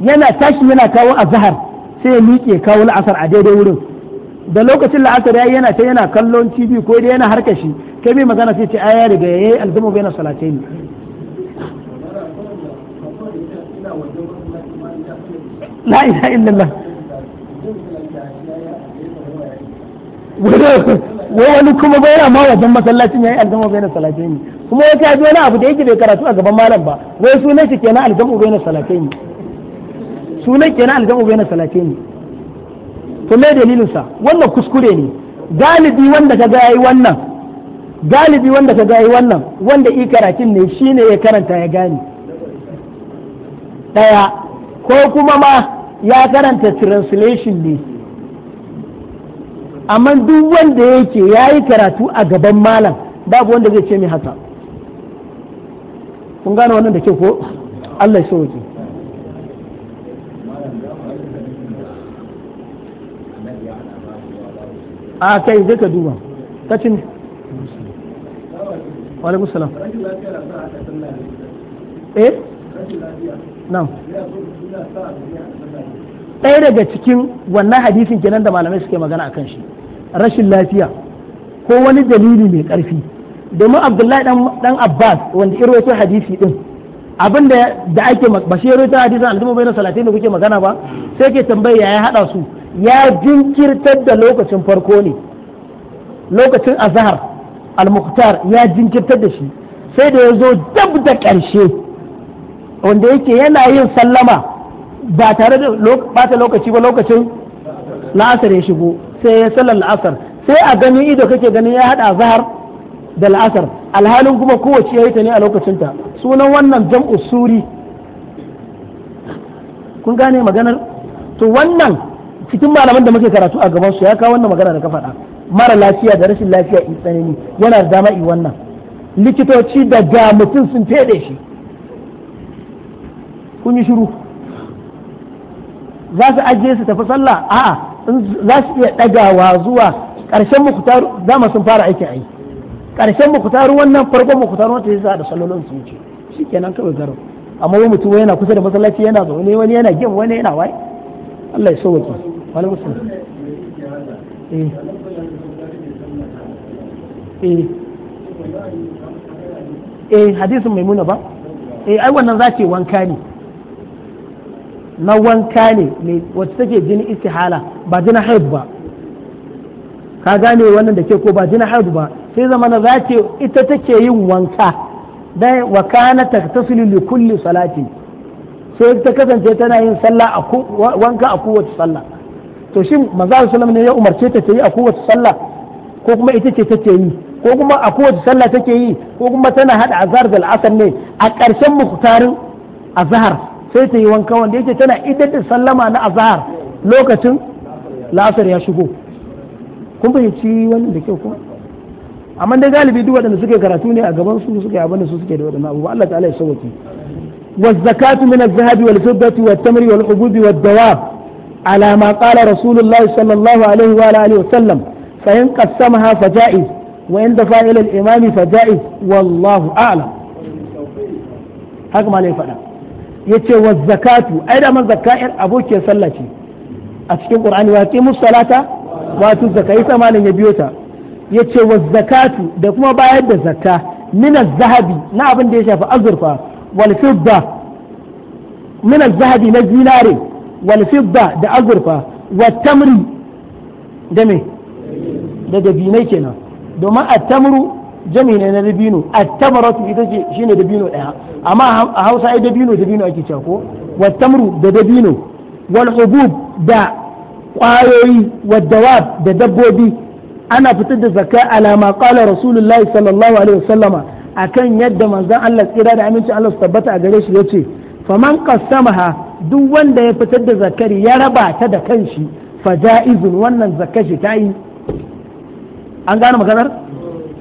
yana tashi yana kawo azhar sai ya nike kawo al'asar a daidai wurin da lokacin la'asar yayi yana ta yana kallon tv ko dai yana harkar shi kai mai magana sai ce aya riga yayi alzumu baina salatayn la ilaha illallah wai wani kuma bai yana ma wajen masallacin yayi alzumu baina salatayn kuma wata ya wani abu da yake bai karatu a gaban malam ba wai sunan shi kenan alzumu baina salatayn sunan kenan alzumu baina salatayn to me dalilinsa wannan kuskure ne galibi wanda ka ga yi wannan galibi wanda ka wannan wanda karatun ne shine ya karanta ya gane daya ko kuma ma ya karanta translation ne amma duk wanda yake yi karatu a gaban malam babu wanda zai ce mai haka kun gane wannan da ke ko Allah ya sauke a kai zai ka duba ka ci ne walaikun salam eh nan ɗaya daga cikin wannan hadisin kenan da malamai suke magana a kan shi rashin lafiya ko wani dalili mai ƙarfi domin abdullahi dan abbas wanda irwato hadisi din abin da ake ba shi irwato hadisin al'umma bai na salatin da kuke magana ba sai ke tambayi ya haɗa su ya jinkirtar da lokacin farko ne lokacin azhar al-muqtar ya jinkirtar da shi sai da ya zo dab da ƙarshe wanda yake yana yin sallama ba tare da bata lokaci ba lokacin la'asar ya shigo sai ya sallar la'asar sai a gani ido kake ganin ya haɗa zahar da la'asar alhalin kuma kowace ya yi ta ne a lokacinta sunan wannan jam'u suri kun gane maganar to wannan cikin malaman da muke karatu a gaban su ya kawo wannan magana da ka faɗa mara lafiya da rashin lafiya in tsanani yana da dama in wannan likitoci da ga mutum sun fede shi kun yi shiru za su ajiye su tafi sallah a'a za su iya ɗagawa zuwa ƙarshen mukutaru dama sun fara aikin ai ƙarshen mukutaru wannan farkon mukutaru wata yasa da sallolin su wuce kenan kawai garo amma wani mutum yana kusa da masallaci yana zaune wani yana gem wani yana wai Allah ya sauke wani musu eh eh eh hadisin maimuna ba eh ai wannan za wanka ne na wanka ne mai wacce take jini istihala ba jini haid ba ka gane wannan dake ko ba jini haid ba sai zaman na ita take yin wanka dai wa kana taktasilu li kulli salati sai ta kasance tana yin sallah a wanka a kowace sallah to shin maza sallam ne ya umarce ta yi a kowace sallah ko kuma ita ce take yi ko kuma a kowace sallah take yi ko kuma tana hada azhar da al'asar ne a ƙarshen muhtarin azhar sai ta yi wanka wanda yake tana ita da sallama na azhar lokacin la'asar ya shigo kun fahimci wannan da kyau kuma amma da galibi duk waɗanda suke karatu ne a gaban su suke abin da su suke da waɗannan abubuwa Allah ta'ala ya sauke wa zakatu min az-zahabi wal fiddati wat tamri wal hububi wad dawab على ما قال رسول الله صلى الله عليه وآله وسلم فإن قسمها فجائز وإن دفع إلى الإمام فجائز والله أعلم حكم عليه فأنا yace wa zakatu ai da man zaka'ir abokiyar a cikin qur'ani wa qimu salata wa tu zakai ta malam ya biyo ta yace wa zakatu da kuma bayar da zakka min zahabi na abin da ya shafi azurfa wal fidda zahabi na zinare Walfibba da Azurfa wa tamri da da dabinai kenan domin at-tamru jami ne na dabino at-tamaratu ita ce shine dabino daya amma a Hausa ai dabino dabino ake cewa ko wa tamru da dabino wal da kwayoyi wa dawab da dabbobi ana fitar da zakka alama qala rasulullahi sallallahu alaihi akan yadda manzon Allah tsira da amincin Allah tabbata a gare shi yace faman qassamaha duk wanda ya fitar da zakari ya raba ta da kanshi fa ja'izun wannan zakashi ta yi an gane maganar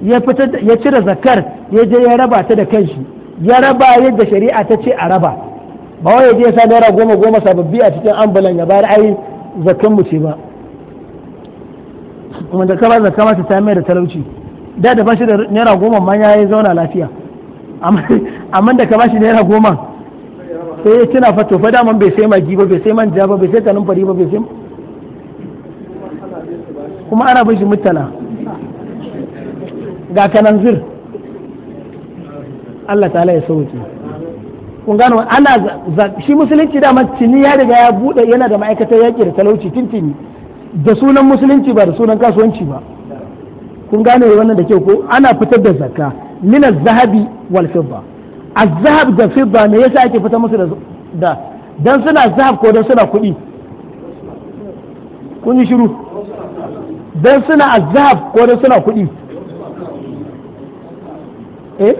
ya fitar ya cire zakar ya je ya raba ta da kanshi ya raba yadda shari'a ta ce a raba ba wai ya je ya sa naira goma goma sababbi a cikin ambulan ya bayar ai zakan mu ce ba kuma da kaba zakama ta ta mai da talauci da da bashi da naira goma ma ya yi zauna lafiya amma da ka bashi naira goma sai ya tuna fato fa daman bai sai magi ba bai sai manja ba bai sai fari ba bai sai kuma ana bin shi mutala ga kanan zir Allah ta'ala ya sauke kun gano ana shi musulunci da tuni ya riga ya bude yana da ma'aikatar yaƙi da talauci tintini da sunan musulunci ba da sunan kasuwanci ba kun gane wannan da kyau ko ana fitar da zakka min zahabi wal fidda azhab da fidda me yasa ake fita masu da da dan suna zahab ko dan suna kuɗi kun yi shiru dan suna azhab ko dan suna kuɗi eh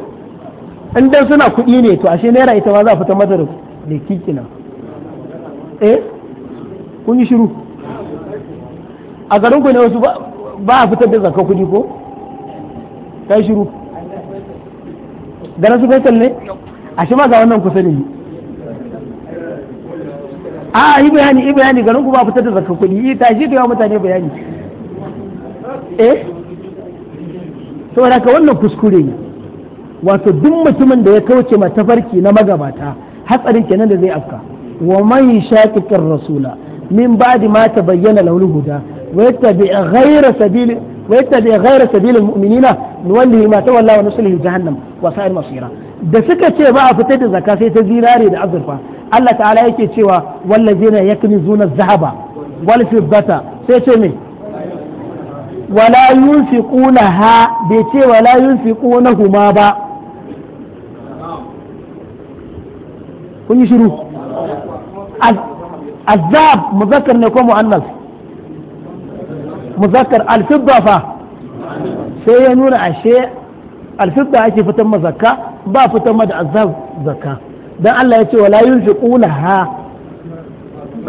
in dan suna kuɗi ne to ashe naira ita ma za a fita mata da kikina eh kun yi shiru a garinku ne wasu ba a fitar da zakka kuɗi ko kai shuru. da na sufaitan ne a shi ma ga wannan kusa ne a yi bayani yi bayani garin ku ba fitar da zakka kuɗi yi ta shi yawa mutane bayani eh saboda ka wannan kuskure ne wato duk mutumin da ya kauce ma tafarki na magabata hatsarin kenan da zai afka wa man shaqiqir rasula min ba'di ma tabayyana lahu huda wa yattabi ghayra sabili ويتبع غير سبيل المؤمنين نوله ما تولى ونصله جهنم وسائر مصيره da suka ce ba a fita da zakka sai ta zinare da azurfa Allah ta'ala yake cewa wallazina yaknizuna zahaba wal fiddata sai ce me wala yunfiquna ha bai ce wala yunfiquna huma ba kun yi shiru azab muzakkar ne ko muannas muzakkar alfidda fa sai ya nuna ashe alfidda ake fitar ma zakka ba fitar ma da azab zakka dan Allah ya ce wala yunfiquna ha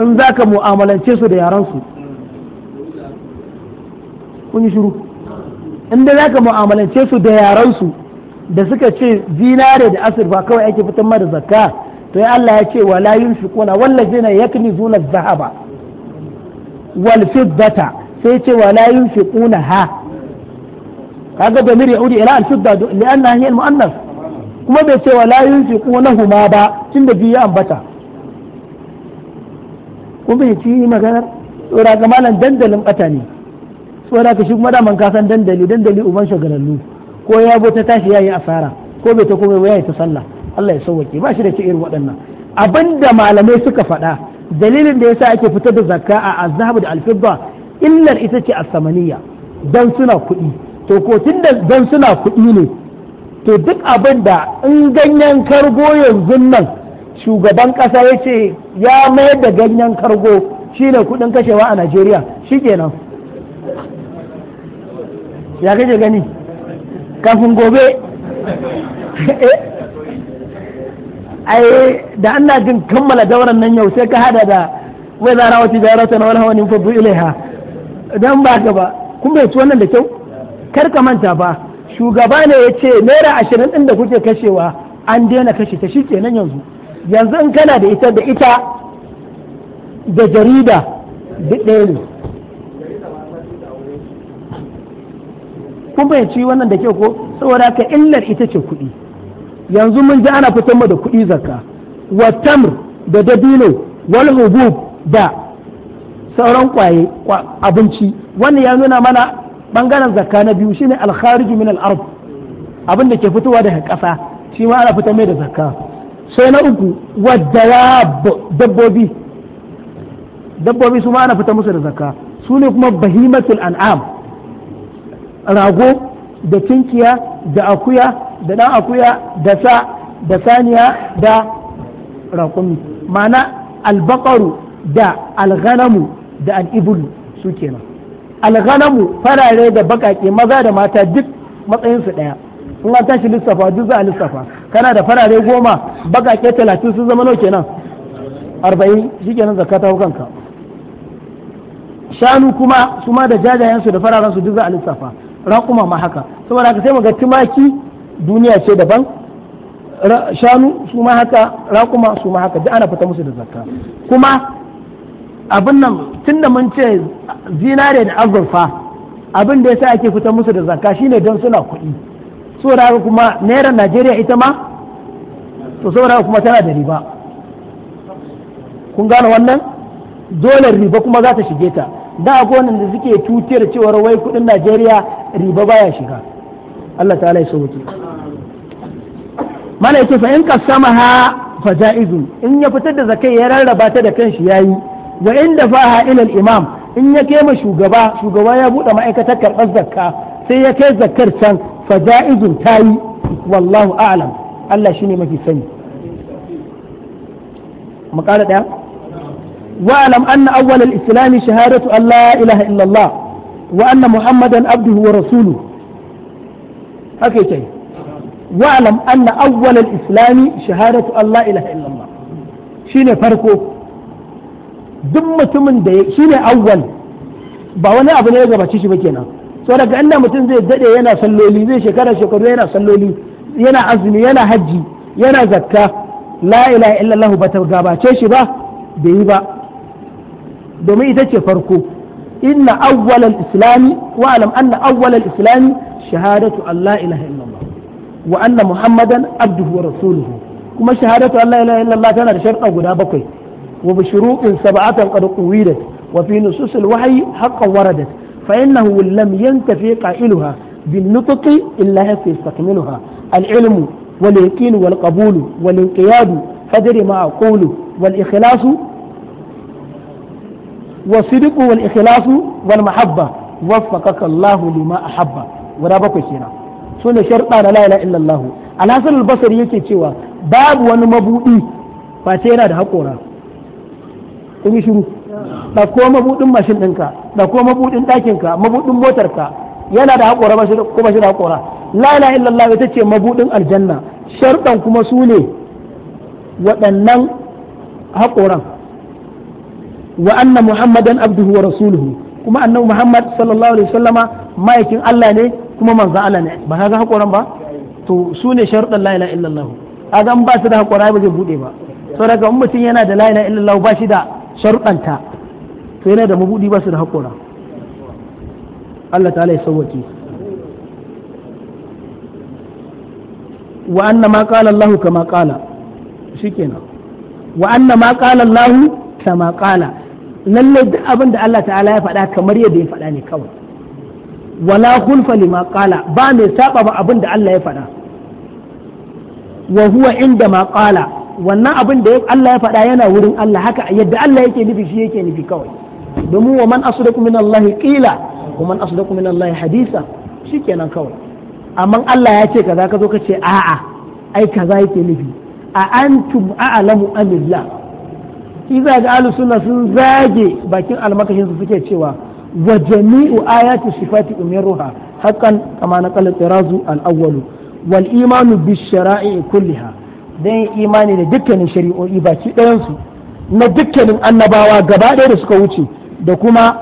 in zaka mu'amalance da yaran in zaka mu'amalance su da yaran da suka ce zinare da asir kawai ake fitar ma da zakka to ya Allah ya ce wala yunfiquna wallazina yaknizuna adh-dhahaba wal fiddata sai ce wala ƙuna ha kaga damir ya udi ila al-fidda li'anna hiya al-mu'annas kuma bai ce ƙuna huma ba tunda biyu ya ambata ko bai ci maganar tsora ga malam dandalin bata ne tsora ka shi kuma daman ka dandali dandali uban shagalallu ko ya bo ta tashi yayi asara ko bai ta komai ba yayi ta sallah Allah ya sauwake ba shi da irin waɗannan abinda malamai suka faɗa dalilin da yasa ake fitar da zakka a azhab da alfidda illar ita ce asamaniya don suna kuɗi to ko da don suna kuɗi ne to duk abin da in ganyen kargo yanzu nan shugaban ƙasa ya ce ya mayar da ganyen kargo shine kuɗin kashewa a najeriya shi kenan ya kake gani kafin gobe <laughs> eh? ai da ana jin kammala dauran nan yau sai ka hada da wai zara wata jarata na wani hawa nimfa bu ilaiha dan ba ka ba kun bai ci wannan da kyau kar ka manta ba shugaba ne ya ce naira ashirin ɗin da kuke kashewa an daina kashe ta shi nan yanzu yanzu in kana da ita da ita da jarida duk ɗaya ne kun ci wannan da kyau ko saboda ka illar ita ce kuɗi yanzu mun ji ana fitar da kuɗi zakka wa da dabino wal da sauran kwaye abinci wannan ya nuna mana bangaren zakka na biyu shine alkhariju min al-ard abin da ke fitowa daga ƙasa shi ma ana fitar mai da zakka sai na uku wadda dabbobi dabbobi su ma ana fita musu da zakka su ne kuma bahimatul an'am rago da tinkiya da akuya da dan akuya da sa da saniya da raƙumi ma'ana albakaru da alghanamu da al’ibul su kenan alghanamu farare da bakaƙe maza da mata duk matsayinsu ɗaya in an tashi lissafa duk za a lissafa kana da farare goma bakaƙe talatin sun zama nau kenan arba'in shi kenan zakka ta kanka shanu kuma su ma da jajayensu da fararensu duk za a lissafa raƙuma ma haka saboda haka sai mu ga tumaki duniya ce daban shanu su ma haka raƙuma su ma haka duk ana fita musu da zakka kuma abin nan tun da mun ce zinare da azurfa abin da sa ake fita musu da zakka shine don suna kuɗi saboda kuma naira najeriya ita ma to saboda kuma tana da riba kun gane wannan dole riba kuma za ta shige ta da agonin da suke tutiyar cewar wai kuɗin najeriya riba baya shiga allah ta'ala ya sauki mana yake fa in kasamaha fa in ya fitar da zakai ya rarraba ta da kanshi yayi wa inda faha ila imam in ya kai ma shugaba shugaba ya bude ma'aikatar karɓar zakka sai ya kai zakkar can fa ja'izun tayi wallahu a'lam Allah shine mafi sani makala daya wa'lam anna awwal al-islam shahadatu an la ilaha illallah wa anna muhammadan abduhu wa rasuluhu haka yake wa'lam anna awwal al-islam shahadatu an la ilaha illallah shine farko duk mutumin da shi ne awwal ba wani abu ne ya gabaci shi ba kenan so daga inda mutum zai dade yana salloli zai shekara shekaru yana salloli yana azumi yana hajji yana zakka la ilaha illallah ba ta gabace shi ba bai yi ba domin ita ce farko inna awwalal islami wa alam anna awwalal islami shahadatu allah la ilaha illallah wa anna muhammadan abduhu wa rasuluhu kuma shahadatu allah la ilaha illallah tana da sharɗa guda bakwai وبشروط سبعة قد قويدت وفي نصوص الوحي حقا وردت فإنه لم ينتفي قائلها بالنطق إلا حتى يستكملها العلم واليقين والقبول والانقياد فدري ما أقول والإخلاص والصدق والإخلاص والمحبة وفقك الله لما أحب ولا بكو كينا سنة شرطة لا إله إلا الله الحسن البصري يكي cewa babu wani mabuɗi face yana da haƙora kun yi shiru ɗauko mabuɗin mashin ɗinka ɗauko mabuɗin ɗakinka mabuɗin motarka yana da haƙora ba shi ko ba shi da haƙora la ilaha illallah ita ce mabuɗin aljanna sharɗan kuma su ne waɗannan haƙoran wa anna muhammadan abduhu wa rasuluhu kuma annabi muhammad sallallahu alaihi wasallama ma'aikin Allah ne kuma manzo Allah ne ba ka haƙoran ba to su ne sharɗan la ilaha illallah kaga an ba su da haƙora ba zai buɗe ba saboda ga mutum yana da la ilaha illallah ba shi da sharɗanta to yana da mabudi ba su da haƙura. Allah ta ya sauwaki. wa anna ma qala Allah kama Shi kenan. wa anna ma qala Allah kama qala lalle duk abin da Allah ta'ala ya faɗa kamar yadda ya faɗa ne kawai wala hulfa lima ba mai saba ba abin da Allah ya faɗa wa huwa inda ma wannan abin da Allah ya faɗa yana wurin Allah haka yadda Allah yake nufi shi yake nufi kawai domin wa man asdaqu min Allah qila wa man asdaqu min Allah hadisa shikenan kawai amma Allah ya ce kaza ka zo ka ce a'a ai kaza yake nufi a antum a'lamu amillah shi za ga sunna sun zage bakin almakashin su suke cewa wa jami'u ayati sifati umiruha hakan kama naqala tirazu al-awwal wal imanu bi shara'i kulliha dan yi imani da dukkanin shari'o'i baki ɗayansu na dukkanin annabawa gaba ɗaya da suka wuce da kuma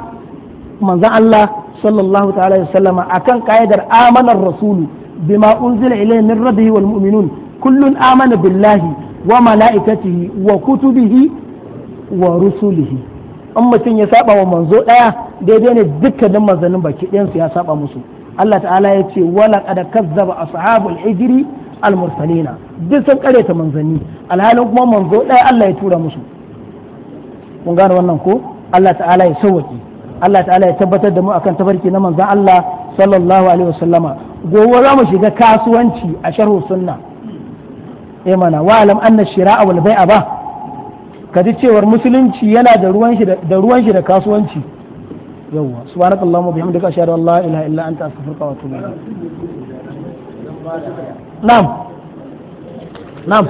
manzan Allah sallallahu ta'ala da sallama akan ka'idar amanar rasulu bima unzila ilayhi min rabbihi wal mu'minun kullun amana billahi wa mala'ikatihi wa kutubihi wa rusulihi in mutum ya saba wa manzo ɗaya daidai ne dukkanin manzannin baki ɗayansu ya saba musu Allah ta'ala ya ce wala kad kazzaba ashabul hijri al-mursalina duk sun kareta manzanni alhalin kuma manzo ɗaya Allah ya tura musu mun gane wannan ko Allah ta'ala ya sauwaki Allah ta'ala ya tabbatar da mu akan tabarki na manzan Allah sallallahu alaihi wasallama gobe za mu shiga kasuwanci a sharhu sunna eh mana wa alam anna shira'a wal bai'a ba kaji cewar musulunci yana da ruwan shi da ruwan shi da kasuwanci yawa subhanakallahumma bihamdika ashhadu an la ilaha illa anta astaghfiruka wa atubu ilaik na'am na'am